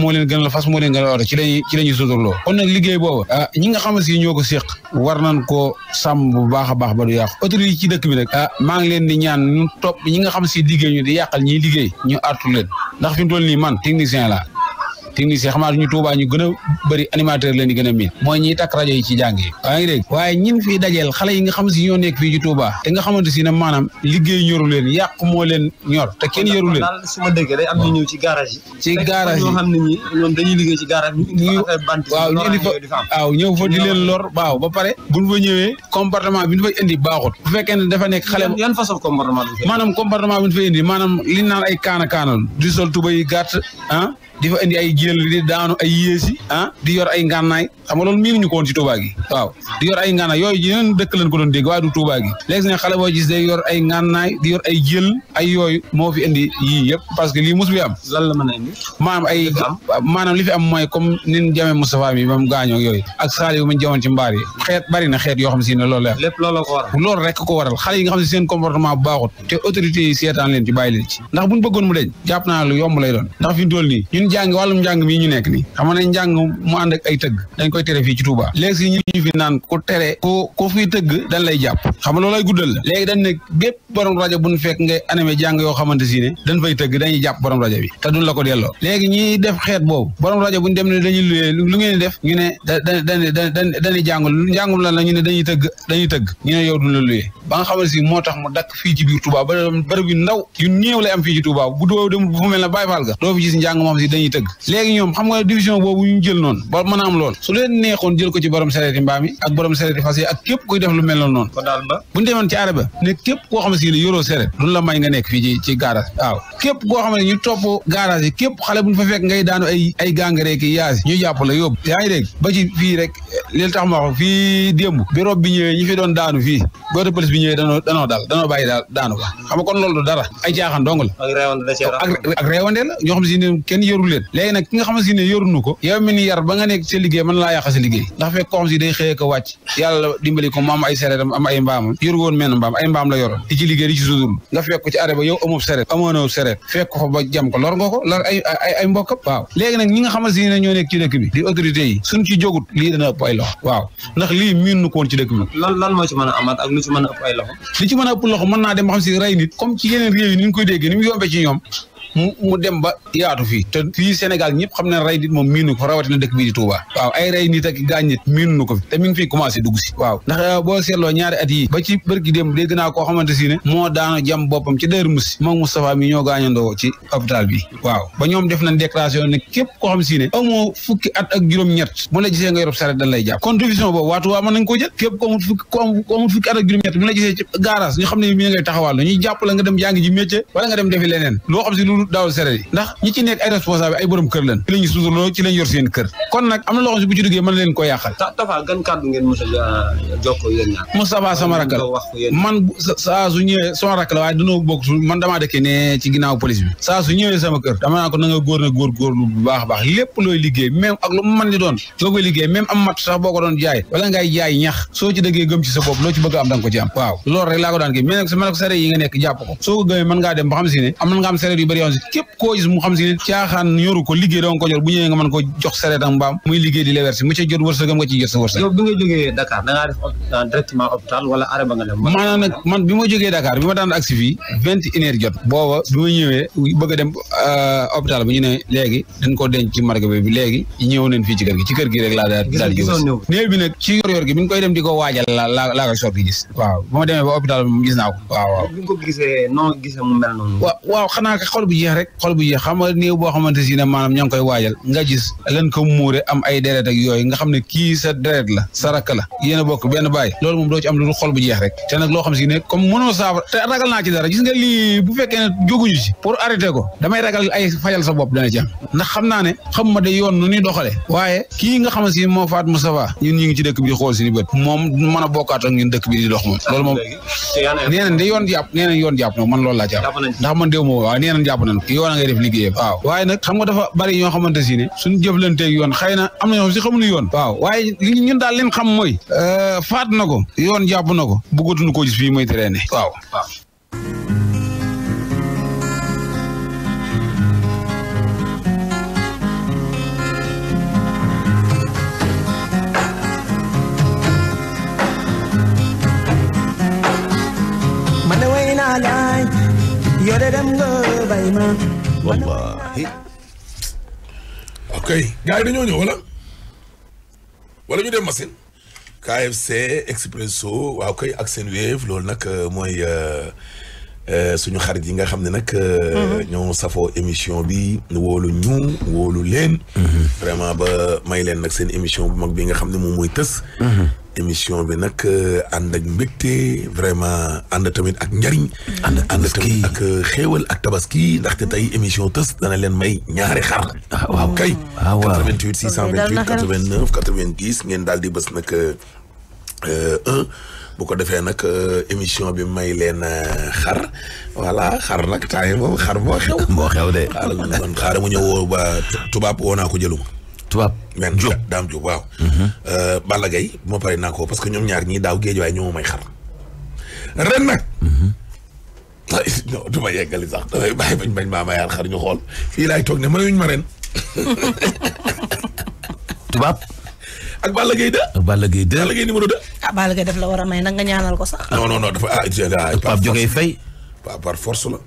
[SPEAKER 2] moo leen gënal fas moo leen a oto ci lañ ci la ñuy liggéey boobu ah, ñi nga xam si ko séq war nañ koo bu baax a baax ba du yàqu autorité yi ci dëkk bi nag ah, maa ngi leen di ñaan ñu topp ñi nga xam si liggéey ñu di yàqal ñiy liggéey ñu artu leen ndax fi mu man technicien la technicien xamaat ñu Touba ñu gën a bëri animateur leen di gën mooy ñiy takk rajo yi ci jàng yi waa ngi dégg waaye ñin fii dajeel xale yi nga xam si ñoo nekk fii ci Touba te nga xamante si ne maanaam liggéey ñoru leen yàq moo leen ñor te kenn yoru leen su ma déggee day am ñu ñëw ci garage yi ci garage yi ñoo xam ne ñi ñoom dañuy liggéey ci garage yi waaw ñu indi fa di leen lor waaw ba pare buñ fa ñëwee comportement bi ñu fa indi baaxut bu fekkee ne dafa nekk xale yan façon comportement maanaam comportement bi ñu fa indi maanaam li naan ay kaana kaanal di sol tuba yi gàtt ah di fa indi ay jël di daanu ay yéesi ah di yor ay ngànnaay xam nga loolu miinuñu ko woon ci Touba gi waaw di yor ay ngànnaay yooyu dëkk lañ ko doon dégg waaye du Touba gi léegi yor ay ngànnaay di moo indi yii yëpp parce que lii mos am lan la mën a indi maanaam ay maanaam li fi am mooy comme nin jamee Moustapha gaañoo yooyu ak saali yu mu jamoon ci mbaar yi na xeet yoo xam si ne loolu la lépp loolu ko waral loolu rek xam si seen comportement bu baaxut te autorités yi seetaan leen ci bàyyi leen ci ndax buñ bëggoon mu deñ jàpp naa lu yomb lay doon njàng wàllum njàng mii ñu nekk ni xam ne njàng mu ànd ay tëgg dañ koy tere fii ci Touba léegi si ñu fi naan ko tere ku ku fi tëgg dañ lay jàpp xam nga loolay guddal la léegi dañ ne bépp borom rajo bu ñu fekk ngay animé jàng yoo xamante si ne dañ fay tëgg dañuy jàpp borom rajo bi te duñ la ko delloo léegi ñiy def xeet boobu borom rajo bu ñu dem ne dañuy luyee lu ngeen def ñu ne da da da dañuy jàngul njàngul lan la ñu ne dañuy tëgg dañuy tëgg ñu ne yow duñ la luyee si moo tax mu dakk fii ci biir Touba ba bërëb yu ndaw yu néew lay am fii ci Touba bu mel na Baye Fall ga doo fi gis njàng si ñuy tëgg léegi ñoom xam nga division boobu ñu jël noonu ba mën a am lool su leen neexoon jël ko ci borom sareeti mbaam yi ak borom sareeti fas yi ak képp kuy ba ne képp koo xam ne si ne la may nga nekk fii ci ci garage waaw képp koo xam ne ñu topp garage yi xale bu fa fekk ngay daanu ay ay gàngare yaasi ñu jàpp la yóbbu yaa ngi ba ci fii rek li tax ma wax fii bi rob bi ñëwee ñi fi doon daanu fii boote police bi ñëwee danoo daal danoo bàyyi daanu ba kon loolu du ay caaxaan dong ak reewande ñoo xam si ne kenn yorul leen léegi nag ki nga xamante ne yorunu ko yow mi ni yar ba nga nekk sa liggéey mën laa yàq sa liggéey ndax fekk ko xam si day xëyee ko wàcc yàlla dimbali ko mu am ay ay mbaamam la yoroon di liggéey di ci nga fekk ko ci arrêt ba yow amoo sareet amoonoo sareet ko ba jam ko lor nga lor ay ay ay mbokkam nag ñi nga xamante ne ñoo ci dëkk di autorité yi suñ ci jógut lii dana ëpp ay loxo waaw ndax a a ëpp ay li ci mën a ëpp loxo mën naa dem xam si rey ci yeneen réew mu dem ba yaatu fii te fii Sénégal ñëpp xam ne rey nit moom miinu ko fa rawatina dëkk bii di Touba waaw ay rey nit ak gaañ nit dugg si waaw ndax euh, boo seetloo ñaari si ne moo daanu jam boppam ci dër mus moom Moustapha mi ñoo gaañandoo ci hôpital bi waaw ba ñoom def nañ déclaration ne xam ne amoo fukki at taxawaal ñuy jàpp la nga dem jàngi ji métier wala nga dem defi leneen loo xam si lu daawul sere yi ndax ñi ci nekk ay responsable ay borom kër lan ci lañu suturloo ci lañ yor seen kër kon nag am na si bu ci duggee a uh, la man saa su ñëwee sama la waaye dañoo bokk man damaa dëkkee ne ci ginnaaw police bi saa su ñëwee sama kër dama naa ko na nga na góor góorlu baax a baax lépp looy liggéey même ak mat sax nga nekk jàpp soo ko gëmee mën ngaa dem ba xam si ne am na nga am sere xam si képp mu xam caaxaan yoru ko liggéey doo ko jor bu ñëwee nga mën ko jox sareet mbaam muy liggéey di leversi mu ca jot wërsëgam nga ciy jot sa bi da ngaa def directement hôpital bi ma jógee Dakar bi ma daan agsi fii ma ñëwee bëgg a dem euh, hôpital bi ñu ne léegi ko denc ci margo bi léegi ñëw nañ fii ci kër gi ci kër gi rek laa daal daal gis yor yor gi bi dem di ko waajal la laa laa koy soog di gis waaw ba ma demee ba hôpital bi gis naa ko waaw waaw waaw xanaa xol bi yéex rek xol bu yéex xam nga néew boo xamante si ne maanaam ña koy waajal nga gis lan ko muure am ay deret ak yooyu nga xam ne kii sa deret la sa la yéen a bokk benn baay loolu moom doo ci am lu xol bu jeex rek te nag loo bu fekkee ne jóguñu ci pour arrêté ko damay ragal ay fajal sa bopp dana ci am ndax xam naa ne xam ma de yoon nu ni doxale waaye kii nga xam si moo faat Moustapha ñun ñu ngi ci dëkk bi xool si ni moom mën a bokkaat ak ñun dëkk bi nan kii war a ngay def liggéeyam waaw xam nga dafa bari ñoo xamante si ne suñu jëflanteeg yoon xëy na am na ñoo xam si xamuñu yoon waaw waaye li ñun daal leen xam mooy euh, faat na ko yoon jàpp na ko bëggatuñu koo gis fii muy traîner waaw
[SPEAKER 4] wallaahi. ok gars yi dañoo wala. wala ñu dem machine. KFC Expresso waaw kay ak seen wéef loolu nag euh, mooy euh, euh, suñu xarit yi nga xam ne nag. Mhm. ñoo safoo émission bi wóolu ñu wóolu leen. Mhm. vraiment ba may leen nag seen émission bu mag bi nga xam ne moom mooy tës. émission bi nag euh, ànd ak mbégte vraiment ànd tamit ak njariñ ànd tamit ak euh, xéewal ak tabaski ndaxte tey émission tës dana leen may ñaari xar ah, waaw kay 88 628 89 90 ngeen daal di bës nag euh, un bu ko defee nag émission bi may leen xar voilà xar nag taay moom xar moo xew de xaaral mu ñëw xaaral mu ñëw woo tubaab woo naa ko jëluma tubaab benn daam Diop waaw. Mhm. Euh, Balla Gaye bu ma naa ko parce que ñoom ñaar ñii daaw géej waaye ñoo may xar. ren na mhm. non du ma yeggali sax damay bañ bañ maa mayaar xar ñu xool fii laay toog ne ma ren. tubaab. ak Balla Gaye de. ak Balla Gaye de Balla Gaye numéro 2.
[SPEAKER 5] ah Balla Gaye daf la war a may nag nga ñaanal ko sax. non
[SPEAKER 4] non non dafa ah. Pape Jógee force la.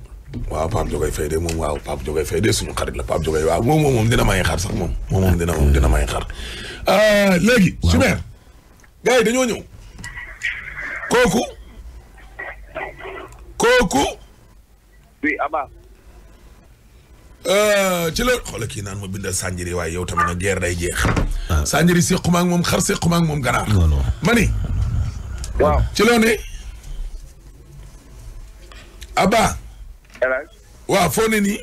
[SPEAKER 4] waaw Pape Diogoy Faye de moom waaw Pape Diogoy Faye de suñu xarit la Pape Diogoy waaw moom moom moom dina may xar sax moom. moom moom dina moom xar. Ah, léegi. waaw Super. gars yi dañoo ñëw. kooku. kooku. oui Abbas. Euh, ci la kii naan ma bindal Sanjiri waaye yow tamit nag guerre day jeex. waaw ah. Sanjiri sequma ak moom xar sequma ak moom ganaar. mani waaw ne. Abba. waaw foo ne nii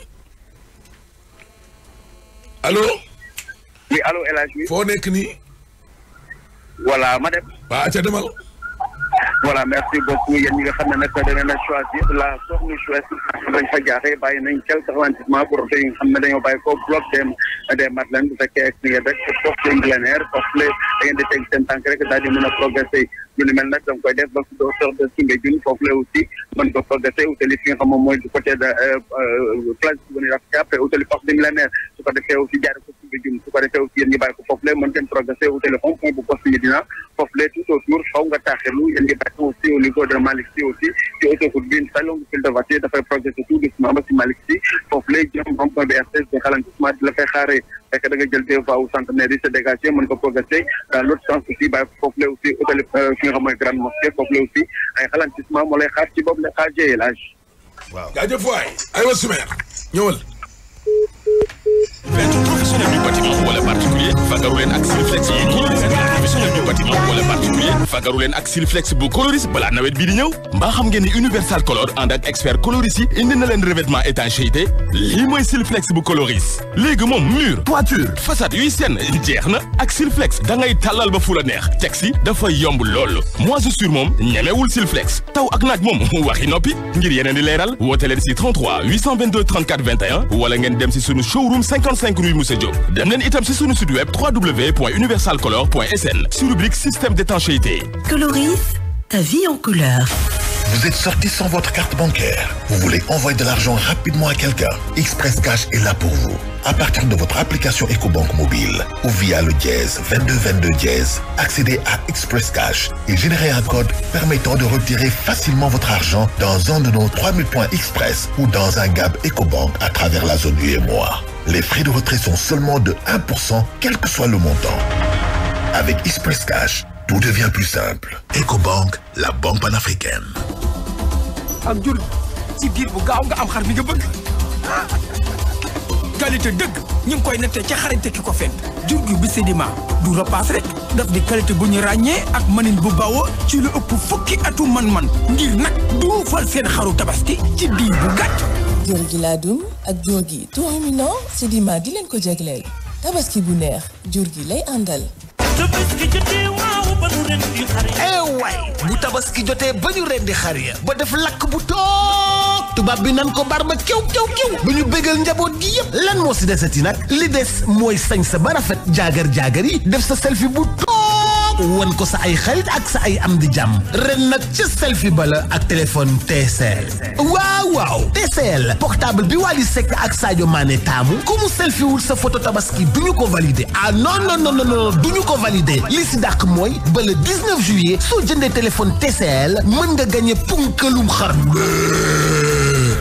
[SPEAKER 4] allo. oui allo El Hadj. foo nekk nii. voilà ma dem. waaw acca
[SPEAKER 2] demal. voilà merci beaucoup yéen ñi nga xam ne nag dana na choisir la soxna choisir dañ fa jaaxee bàyyi nañ quelques arrondissements pour tey nga xam ne dañoo bàyyi ko bloc dem des Madeleine bu fekkee ak ni ngeen rek toog seen plein air parce que da ngeen di teg seen tànk rek daal di mën a progresser lu ni mel nag da nga koy def ba docteur de Soumbédioune foofu la aussi mën ko progressé utali fi nga xam moom mooy du côté de euh, euh, place souvenir Africa après utali porte du millénaire su ko defee aussi jaare ko Soumbédioune su ko defee aussi yéen ñu bàyyi ko foofu la mën dem progressé utali rond-point bu poste Médina foofu tout autour faw nga taaxirlu yéen ngi bàyyi aussi au niveau de Malick Sy aussi ci autoroute bi tout doucement ba si Malick Sy foofu lay jëm rond-point bi la fay xaaree fekk da nga jël deux voies centenaire yi se dégager mën ko progresser dans l'autre sens aussi bàyyi foofu lay aussi hôtel fi euh, nga xam mooy grande xaar ci boobu
[SPEAKER 4] peintre professionnel du bâtiment wala particulier fagaru leen ak du bâtiment wala particulier fagaru ak Silflex bu coloris balaa nawet bi di ñëw mbaa xam ngeen ni Universal Color ànd ak expert coloris yi indi na leen revêtement étanchéité lii mooy Silflex bu coloris léegi moom mur toiture façade yuy seen jeex na ak Silflex da ngay tàllal ba fu la neex teg si dafa yomb lool moisissure moom ñemewul Silflex taw ak naaj moom waxi noppi ngir yeneen di leeral woote leen si wala ngeen dem si sunu showroom 50 cinq rue Moussa Diop dem leen itam si sunu site web www.universalcolor.sn si
[SPEAKER 3] coloris ta vie en couleur. Vous êtes sorti sans votre carte bancaire.
[SPEAKER 4] Vous voulez envoyer de l'argent rapidement à quelqu'un. Express À partir de votre application EcoBank mobile ou via le dièse 2222 de retirer facilement votre argent dans un de nos 3000 points Express ou dans un GAB EcoBank à travers la zone UEMOA. Les frais de tout devient plus simple. EcoBank, la banque panafricaine.
[SPEAKER 7] ak jur ci biir bu gaaw nga am xar bi nga dëgg ñu ngi koy nattee ca xarañte ki ko fent jur gi bi sédiment du repasse di qualité bu ñu ràññee ak manin bu
[SPEAKER 3] bawoo ci lu ëpp fukki atu man-man ngir xaru tabaski ci diir
[SPEAKER 6] jur gi laa dum ak jur gi tuaminant sédiment di leen ko jagleel tabaski bu neex jur gi lay àndal
[SPEAKER 3] ewaay bu tabaski jotee ba ñu rendi xar ba def lakk bu toog tubaab bi nan ko bar ba kew kew kew ba ñu bégal njaboot gi yépp lan moo si desati nag li des mooy sañ sa ba rafet jaagar jaagar yi def sa selfie bu toog won ko sa ay xarit ak sa ay am di jàmm ren nag ca selfie bala ak téléphone TCL waaw waaw TCL portable bi Wally Seck ak Sadio Mané taamu ku mu selfie wul sa photo tabaski du ñu ko valider ah non non non non du ñu ko valider li si dàq mooy ba le 19 juillet soo jëndee téléphone TCL mën nga gagné punkalum xar.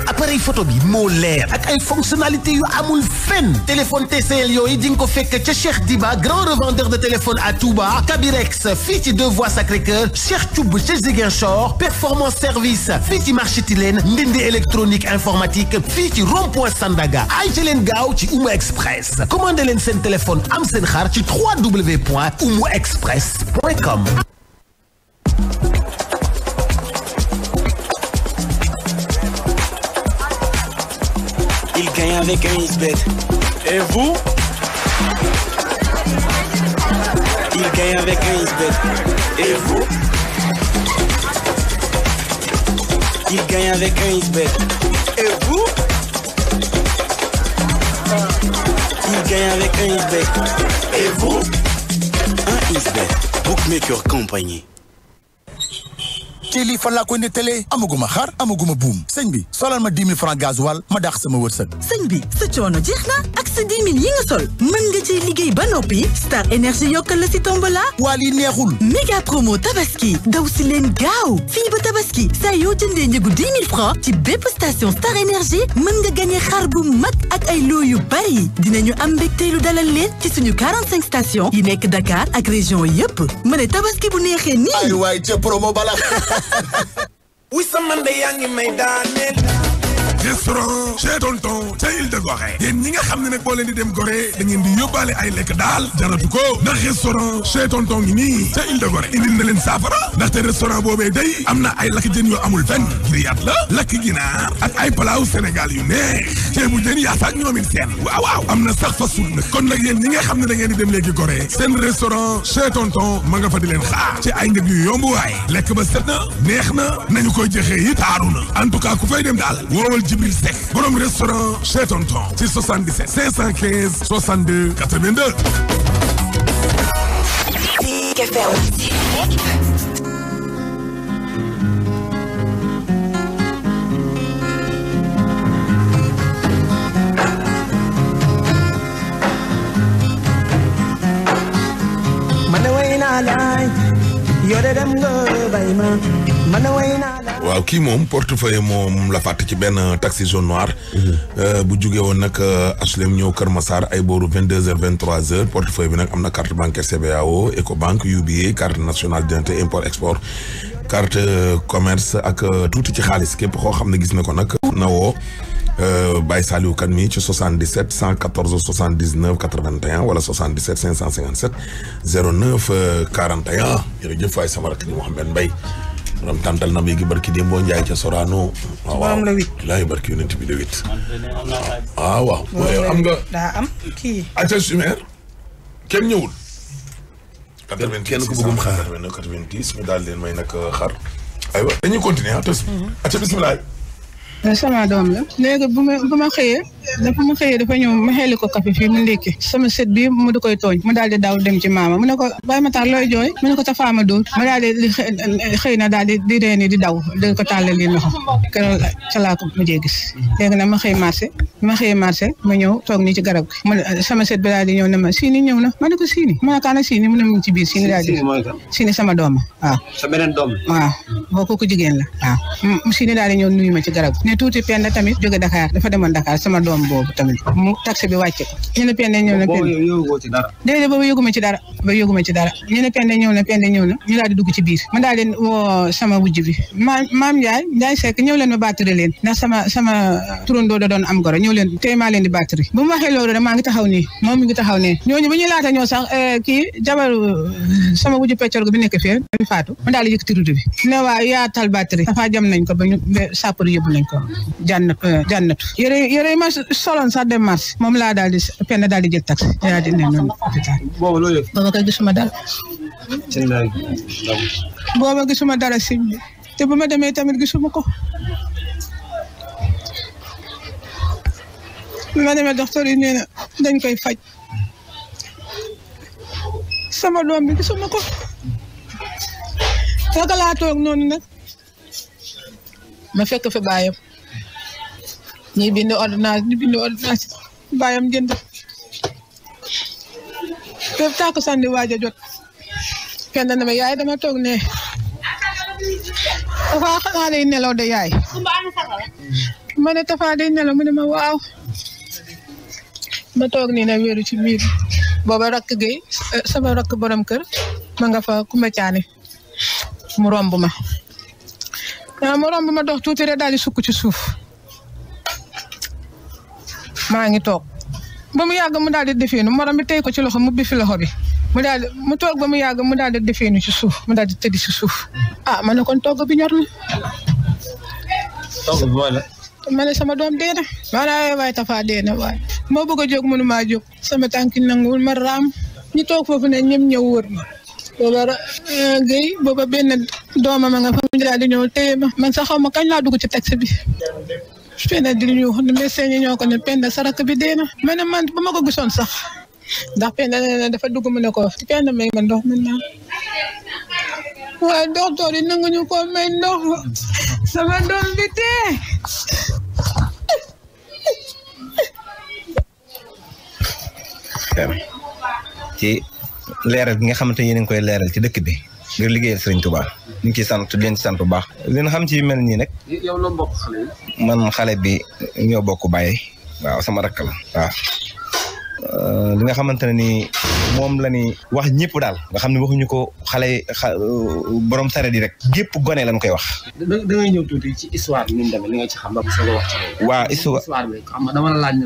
[SPEAKER 3] appareil photo bi moo leer ak ay fonctionnalité yu amul fenn téléphone TCL yooyu di nga ko fekk ca Cheikh Diba grand revendeur de téléphone à Touba Kabirex fii ci deux voies Sacré-Cœur Cheikh Thioub ca Ziguinchor performance service fii ci marché Tilène ndindi électronique informatique fii ci rond-point Sandaga ay ci leen gaaw ci Oumou Express commandé leen seen téléphone am seen xar ci www.oumouexpress.com
[SPEAKER 2] requin avec un Xbet. Et vous Il gagne avec un Xbet. Et vous
[SPEAKER 3] Il gagne avec un Xbet. Et vous Il gagne avec un
[SPEAKER 1] Xbet. Et vous Un Xbet. Bookmaker Compagnie.
[SPEAKER 3] te lii fan laa koy nettalee amaguma xar amaguma buum sëñ bi solal ma 10 000 francs gasoil ma daax sama wërsëg sëñ bi sa coono jeex na ak sa 10 000 nga sol mën nga ciy liggéey ba noppi Star Énergie yokkal la si tombola waa lii neexul méga promo tabaski daw si leen gaaw fii ba tabaski saa yoo jëndee njëgu 10 000 francs ci bépp station
[SPEAKER 5] Star Énergie mën nga gagné xar bu mag ak ay loo yu bari dinañu am mbégteelu dalal leen
[SPEAKER 3] ci suñu 45 stations yi nekk Dakar ak région yépp ma ne tabaski bu neexee nii ay wi sa man de yaa ngi may daaneel
[SPEAKER 4] restaurant chez tonton ca Île de Gorée yéen ñi nga xam ne nag boo leen di dem Gorée da ngeen di yóbbaale ay lekk daal jaratu ko ndax restaurant chez tonton ngi nii ca Île de Gorée indil na leen saafara ndaxte restaurant boobee day am na ay lakk jën yoo amul fenn grillade la gi ginaar ak ay palaaw Sénégal yu neex ceebu jën yaasaak ñoom it seen waaw waaw am na sax fast food kon nag yéen ñi nga xam ne da ngeen di dem léegi Gorée seen restaurant chez tonton ma nga fa di leen xaar ci ay njëg lekk ba set na na na en tout cas ku fay dem daal Djibril Seck borom restaurant Chez ci 77 515 62 82.
[SPEAKER 7] ma ne wey naa laaj yore dem
[SPEAKER 3] nga waaw
[SPEAKER 4] kii moom portefeuille moom la fàtt ci benn taxi jaune euh, bu jugee woon nag HLM euh, ñëw Kër Massar ay booru vingt deux heures vingt trois heures portefeuille bi nag am na carte bancaire CBAO Ecobank UBA carte nationale d'identité import export carte euh, commerce ak tuuti ci xaalis képp koo xam ne gis na ko nag na woo. Baye Saliou Kane mi ci 77 114 79 81 wala 77 557 09 41 jërëjëf waay sama rakk ni Mouhamed Mbaye borom tàntal na muy gi barki démb boo njaay Sorano. waaw la huit. laay barki yonent bi de huit. ah waaw. am
[SPEAKER 5] nga daa am kii. Aca
[SPEAKER 4] Sumer kenn ñëwul. 90 kenn ku bëggum xaar 90 ñu daal leen may nag euh, xar. aywa dañuy continuer ah tos. Mhm. Aca bisimilah.
[SPEAKER 6] sama doom la léegi bu ma bu ma dafa ma xëyee dafa ñëw ma xeeli ko kafe fii mu ndékki sama daal di daw dem ci maama mu ne ko bàyyi ma taar looy jooy ma daal di na ma xëy marché ma xëy ma ñëw toog nii ci garab gi ma sama sët bi daal di ñëw ne ma siini ñëw na ma ne ko siini ma ne kaana siini mu ne mu ngi ci biir siini sama dooma
[SPEAKER 7] waaw
[SPEAKER 6] boo kooku jigéen la waaw siini daal di ñëw nuyu ma ci garab ne tuuti penn tamit jóge Dakar dafa demoon Dakar sama doom xam boobu tamit. mu taxe bi wàcce ko. ñu ne Penda ñëw na Penda boobu
[SPEAKER 1] yëgoo
[SPEAKER 2] ci dara.
[SPEAKER 6] déedéet boobu yëguma ci dara. ba yëguma ci dara ñu ne Penda ñëw na Penda ñëw na ñu daal di dugg ci biir. ma daal leen woo sama wujj bi. maam maam Ndiaye Ndiaye Seck ñëw leen ma battre leen. ndax sama sama turandoo da doon am goro ñëw leen tey maa leen di battre. bu mu waxee loolu rek maa ngi taxaw nii moom mi ngi taxaw nee ñooñu bu ñuy laata ñoo sax eh, kii jabaru sama wujju peccor bi nekk fii dañ faatu mu daal di yëkkati rudd bi ne waa yaatal battre dafa jam nañ ko ba ñu sàppari yóbbu nañ ko jànnatu eh, jànnatu yére yére mas soloon sax de marché moom laa daal di penn daal di jël taxi yaa di ne noonu hôpital boobu loolu booba koy gisuma dara booba bi te bu ma demee tamit gisuma ko bi ma demee docteur yi nee na dañ koy faj sama doom bi gisuma ko fekk laa toog noonu nag ma fekk fi baayam ñuy bind ordonnance ñu bind ordonnance bàyyam jënd bépp tàkku sànni waaj a jot kenn na ma yaay dama toog ne
[SPEAKER 5] Tafa xanaa day nelaw de yaay
[SPEAKER 6] ma ne Tafa day mu ne ma waaw ma toog nii na wéeru ci biir booba rakk gay eh, sama rakk borom kër ma nga fa ku ma caane mu romb ma mu romb ma dox tuuti daal di sukk ci suuf. maa ngi toog ba mu yàgg mu daal di defeenu morom bi tey ko ci loxo mu bi fi loxo bi mu daal di mu toog ba mu yàgg mu daal de defeenu ci suuf mu daal di tëddi ci suuf ah ma ne kon togg bi ñor na. ma ne sama doom dee na. aye waay Tafa dee na waay. moo bëgg a jóg mënu maa jóg. sama tànki nanguwul ma raam. ñu toog foofu ne ñoom ñëw wër ma. booba euh, Guèye booba benn doomam a nga fa mu daal di ñëw téye ma man sax xaw ma kañ laa dugg ci taxi bi. fena di ñu ne seen ñoo ko ne Penda sa rakk bi ma man ba ma ko gisoon sax ndax Penda na dafa dugg mu ne ko Penda may ma ndox man naa waaye docteur yi nangu ñu ko may ndox sama doom bi dee
[SPEAKER 1] leeral bi nga xamante ne yéen koy leeral ci dëkk bi liggéey liggéeyal Serigne Touba ñu ngi ciy sant leen ci sant bu baax. leen xam ci yu mel nii nag.
[SPEAKER 2] yow loo
[SPEAKER 1] man xale bi ñoo bokk bàyyi. waaw sama rakk la Euh, li nga xamante ne ni moom la ni wax ñëpp daal nga xam ne waxuñu ko xale euh, borom sare di rek gépp gone lañ koy wax. da ñëw tuuti ci histoire bi nga ci xam ba mu wax ci. waaw histoire bi xam nga dama la laaj ne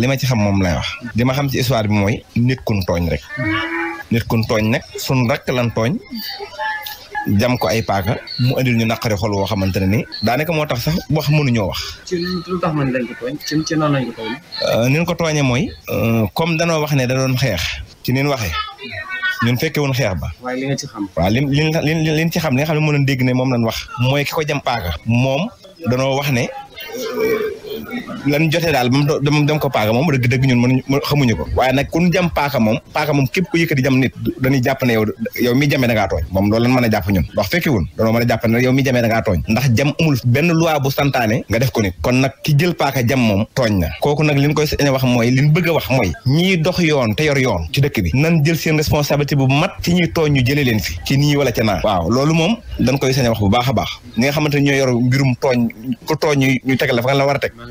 [SPEAKER 1] li ma ci xam moom lay wax. li ma xam ci histoire bi mooy nit kun tooñ rek.
[SPEAKER 3] Hmm.
[SPEAKER 1] tooñ nag sun rakk lan tooñ. jam ko ay paaka mu andil ñu naqari xol woo xamante ne ni daanaka moo tax sax wax mënuñoo wax.
[SPEAKER 7] ci tax man ko tooñ ci ci noonu ko tooñ.
[SPEAKER 1] Euh, ni ñu euh, comme danoo wax ne da doon xeex. ci ni ñu waxee ñun fekke woon xeex ba. waaye li nga ci xam. waaw li li ci xam li nga xam ne mën na dégg ne moom lañ wax. mooy ki ko jam paaka. moom danoo wax ne. lan jotee daal moom dem ko paaka moom xamuñu ko waaye nag ku jam paaka moom paaka moom képp ku yëkkati jam nit dañuy jàpp ne mi jamee da tooñ moom loolu lan mën a jàpp ñun wax fekkiwun danoo mën a jàpp mi jamee da tooñ ndax jam amul benn loi bu santaane nga def ko kon nag ki jël paaka jam moom tooñ na kooku nag liñ koy sañ wax mooy liñ bëgg a wax mooy ñiy dox yoon te yor yoon ci dëkk bi nan jël seen responsabilité bu mat fi ci nii a a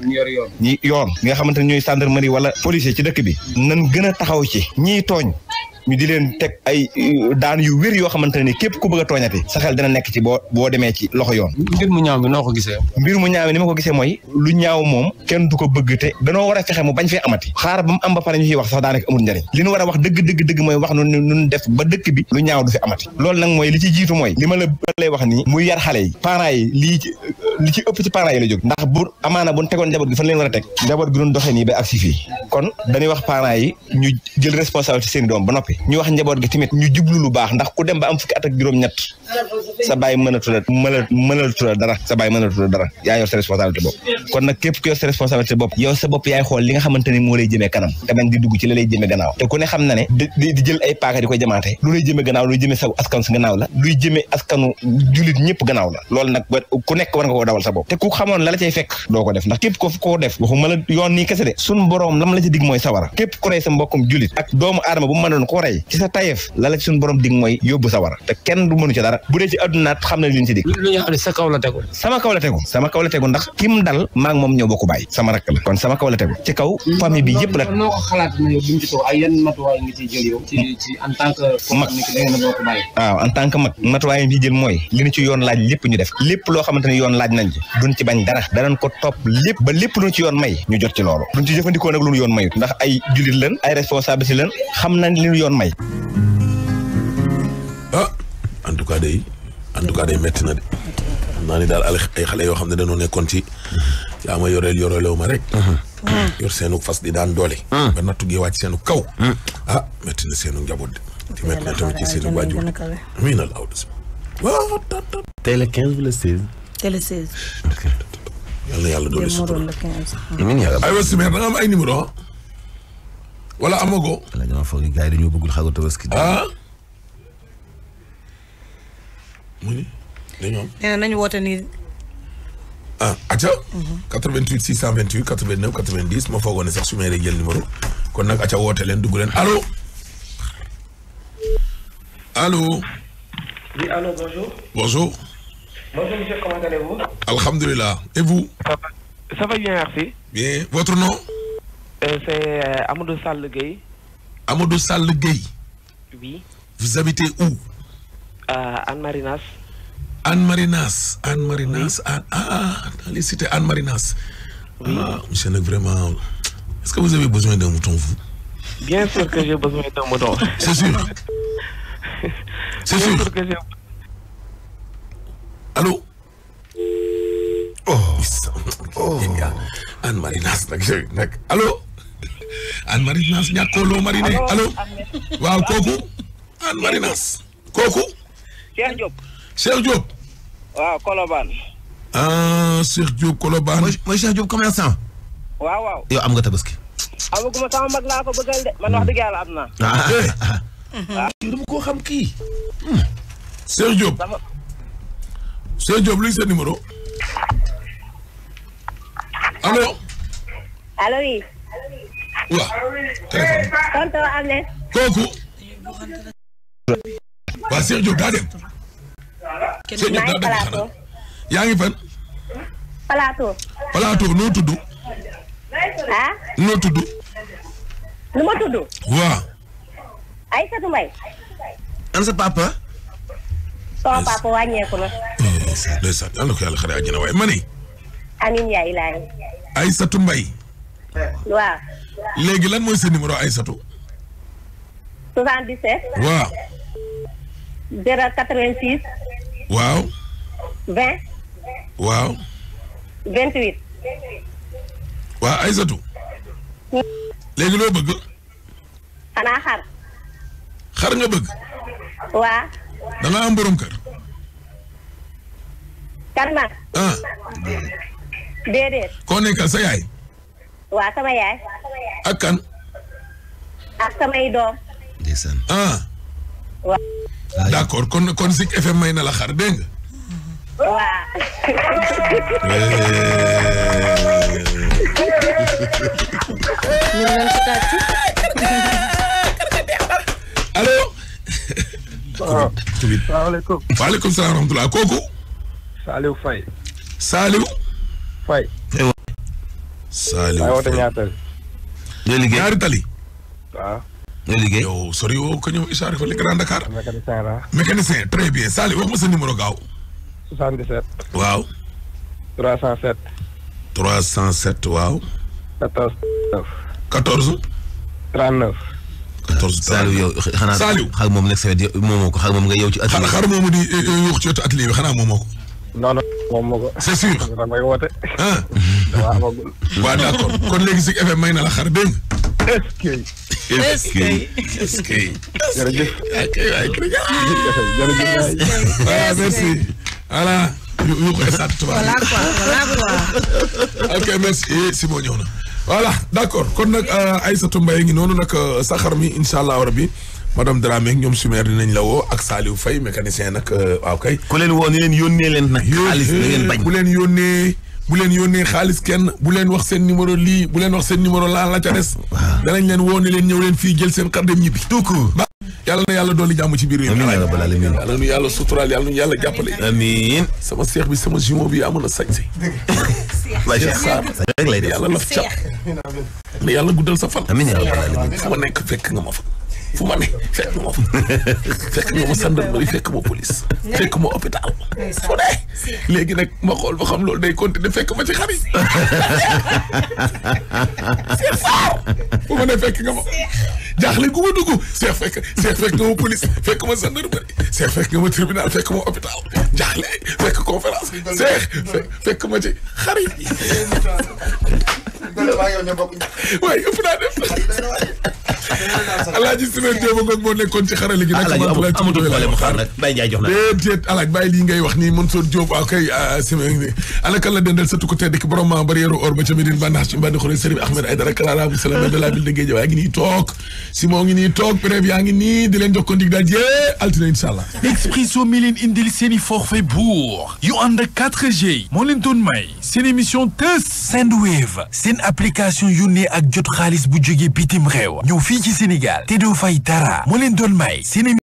[SPEAKER 1] ñi yor nga xamante ne ñooy gendarmerie wala policier ci dëkk bi nan gën a taxaw ci ñii tooñ ñu di leen teg ay euh, daan yu wér yoo xamante ne képp ku bëgg a tooñati sa xel nekk ci boo boo demee ci loxo yoon. mbir mu ñaaw bi noo ko gisee. mbir mu ñaaw bi ni ko gisee mooy lu ñaaw moom kenn du ko bëgg te danoo war a fexe mu bañ fee amati xaar ba mu am ba pare ñu ciy wax sax daanaka a wax dëgg dëgg dëgg mooy wax nun nun def ba amati loolu nag mooy li ci jiitu mooy li la lay wax ni muy yar xale yi parents yi lii ci euh, li ci ëpp ci parents yi la jóg ndax bu amaana bu tegoon njaboot gi fan leen war a teg njaboot gi doon doxee nii ba ak si kon dañuy seen doom ba noppi ñu wax njaboot gi tamit ñu jublu lu baax ndax ku dem ba am fukki at ak juróom sa bàyyi mënatu la mënatu la dara sa bàyyi mënatu la dara yaa yor sa responsabilité bopp kon nag képp ku yor sa responsabilité bopp yow sa bopp yaay xool li nga xamante na ne di di jël ay paaka di koy jamaate lu lay jëmee gannaaw luy jëmee sa askan si gannaaw la luy jëmee askanu jullit ñëpp gannaaw la loolu nag ku nekk sa bopp te ku xamoon la mooy sawara képp ku rey sa mbokkum jullit ak doomu aadama bu mën koo rey ci sa tayeef la la sun boroom dig mooy yóbbu sawara te kenn du mënu ci dara bu addunaat xam na li ci dikk lu ñu xam ne sa kaw la tegu sama kaw la tegu sama kaw la tegu ndax kim dal maa ngi moom ñoo bokk sama rakk la kon sama kaw la tegu ci kaw famille bi yëpp la
[SPEAKER 2] noo ko xalaat na yow duñ ci toog ay yan matuwaay nga ciy jël yow mag
[SPEAKER 1] waaw jël mooy li ñu ci yoon laaj lépp ñu def lépp loo xamante ni yoon laaj nañ ci duñ ci bañ dara danañ ko topp lépp ba lépp luñ ci yoon may ñu jot ci loolu duñ ci jëfandikoo nag lu ñu yoon mayut ndax ay jullit lañ ay responsable si lañ xam nañ li ñu yoon may
[SPEAKER 4] ah en en tout cas de. xam naa ni daal ay xale yoo xam ne dañoo nekkoon ci yaa ma yoreel yoreelew ma rek.
[SPEAKER 5] Uh-huh.
[SPEAKER 4] seenu fas di daan doole. Uh-huh. ba nattu gi wàcc seenu kaw. Uh-huh. ah métti na seenu njaboot de. te métti na tamit ci seenu waajur amiin na laaw des
[SPEAKER 5] waaw tat
[SPEAKER 4] tat. tey la quinze ou le seize. tey le seize. Ah. da mu ni dañoo am.
[SPEAKER 5] nee na nañu woote nii.
[SPEAKER 4] ah atia. 88 628 89 90 ma foogoon ne sax su ma jël numéro kon nag atia woote leen dugg leen allo allo. oui allo bonjour. bonjour. bonjour monsieur comment vous alhamdulilah et bien merci. bien votre nom. Euh, euh, Amadou Sall Gueye. Amadou Sall Gueye. oui. vous habitez où. Euh, Anne Marinas. Anne Marinas Anne Marinas ah ah Anne Marinas. oui ah, nag vraiment est-ce que vous avez besoin d'un mouton vous. c'est sûr. c'est sûr bien sûr que Anne Marinas nag yooyu nag allô. Anne Marinas ñàkkooloo mariné allo
[SPEAKER 2] waaw kooku Anne
[SPEAKER 4] Marinas
[SPEAKER 2] kooku. Cheikh Diop. Cheikh Diop. waaw Colobane.
[SPEAKER 4] ah Cheikh Diop Colobane. mooy mooy Cheikh Diop commerçant.
[SPEAKER 7] waaw waaw.
[SPEAKER 3] yow am nga tabaski.
[SPEAKER 7] amaguma sama mag laa ko bëggal de man wax dëgg yàlla am naa.
[SPEAKER 3] ah
[SPEAKER 7] eh. dama koo xam kii. Hmm. Cheikh Diop.
[SPEAKER 4] Cheikh Diop luy sa numéro. allo.
[SPEAKER 5] allo oui. waaw. tonton Ameth.
[SPEAKER 4] kooku. waa Cheikh Diop daa dem.
[SPEAKER 5] Cheikh xanaa yaa ngi fan. Plateau.
[SPEAKER 4] Plateau noo tudd. ah. noo nu ma tudd. waaw. Aïssatou Mbaye. an sa papa.
[SPEAKER 7] sama papa wàññeeku na.
[SPEAKER 4] ndeysaan ndeysaan yàlla ko yàlla xare àjjana waaye ma ne.
[SPEAKER 7] amiin yaa ilaahi.
[SPEAKER 4] Aïssatou Mbaye. léegi lan mooy sa numéro Aïssatou.
[SPEAKER 5] 77. waaw. zéro quatre vingt six. waaw.
[SPEAKER 7] vingt. waaw. vingt huit.
[SPEAKER 4] waaw Aïssatou. léegi loo bëgg. xanaa xar. xar nga bëgg. waa. da nga kër. kan ma. ah. déedéet. koo sa yaay.
[SPEAKER 5] waa sama yaay. ak kan. ak doom. ah. waaw.
[SPEAKER 4] d' accord kon kon Zik FM may na la xar dégg nga. waaw. allo. waaw salaamaaleykum. waaleykum salaam wa rahmatulah kooku. Saliou Faye. Saliou. Faye. Saliou Faye. ñaari tali. waaw. nga liggéey yow sori woo ko ñëw Issa Rifa le Grand Dakar.
[SPEAKER 7] mécanicien la
[SPEAKER 4] mécanicien très bien Sali wax ma sa numéro gaaw. 77. waaw. 307. waaw. 14. 14. moom nekk sa moomoo ko xar moom nga yow ci atelier. xanaa moomoo ko. c'est sûr damay woote. ah. kon léegi Zik FM may na la xar dégg est-ce que est-ce que jërëjëf voilà merci voilà ñu koy sant voilà
[SPEAKER 5] quoi voilà quoi
[SPEAKER 4] ok merci eh, Simon ñëw na voilà d'accord kon nag euh, Aïssatou Mbaye ngi noonu nag euh, saxar mi insha allah rabbi madame Dramé ñoom sumeer dinañ la woo ak Saliou Faye mécanicien nag euh, waaw kay ku leen woo ni leen yónnee leen nag xaalis na ngeen bañ ku leen yónnee bu leen yónnee xaalis kenn bu leen wax seen numéro lii bu leen wax seen numéro laa la ca des. leen woo ne leen ñëw leen fii jël seen xar dem ñibbi. yàlla na yàlla dolli jàmm ci biir réew mi amiin rabbal alamin yàlla nu yàlla suturaal yàlla nu yàlla jàppale amiin sama seex bi sama jumeau bi amoon na sañse
[SPEAKER 3] Cheikh Sarr
[SPEAKER 4] yàlla laf cap yàlla guddal sa fan amiin rabbal alamin sama nekk fekk nga ma fu ma ne fekk ma fa fekk ma gendarmerie fekk ma police fekk ma hôpital fu ne léegi nag ma xool ba xam loolu day continuer fekk ma ci xarit
[SPEAKER 3] Cheikh Sarr
[SPEAKER 4] fu ma ne fekk nga ma jaaxle gu ma dugg Cheikh fekk Cheikh fekk nga ma police fekk ma gendarmerie Cheikh fekk nga ma tribunal fekk ma hôpital jaaxle fekk conférence Cheikh fekk ma ci xarit
[SPEAKER 3] waaye ëpp naa def
[SPEAKER 4] alaaji Ismaël Diop ak moo nekkoon ci xarale gi nag amatul problème xaar wax nii Mansour Diop ak ah, kay ah, Ismaël ana kan la dendal sa tukku tedd ki borom ma barrière or ba ca Médine bandax ci mbandi xore Serigne Ahmed Aïdara Kalala bu salama de la ville de Guédiawaye yaa ngi nii toog Simon ngi nii toog bref yaa ngi nii di leen jox ko ndig daal jee altine incha allah Expresso mi leen indil seen i forfait bourg yu ànd
[SPEAKER 3] ak jot xaalis bu jógee bitim réew ñëw fii fay dara moo leen doon may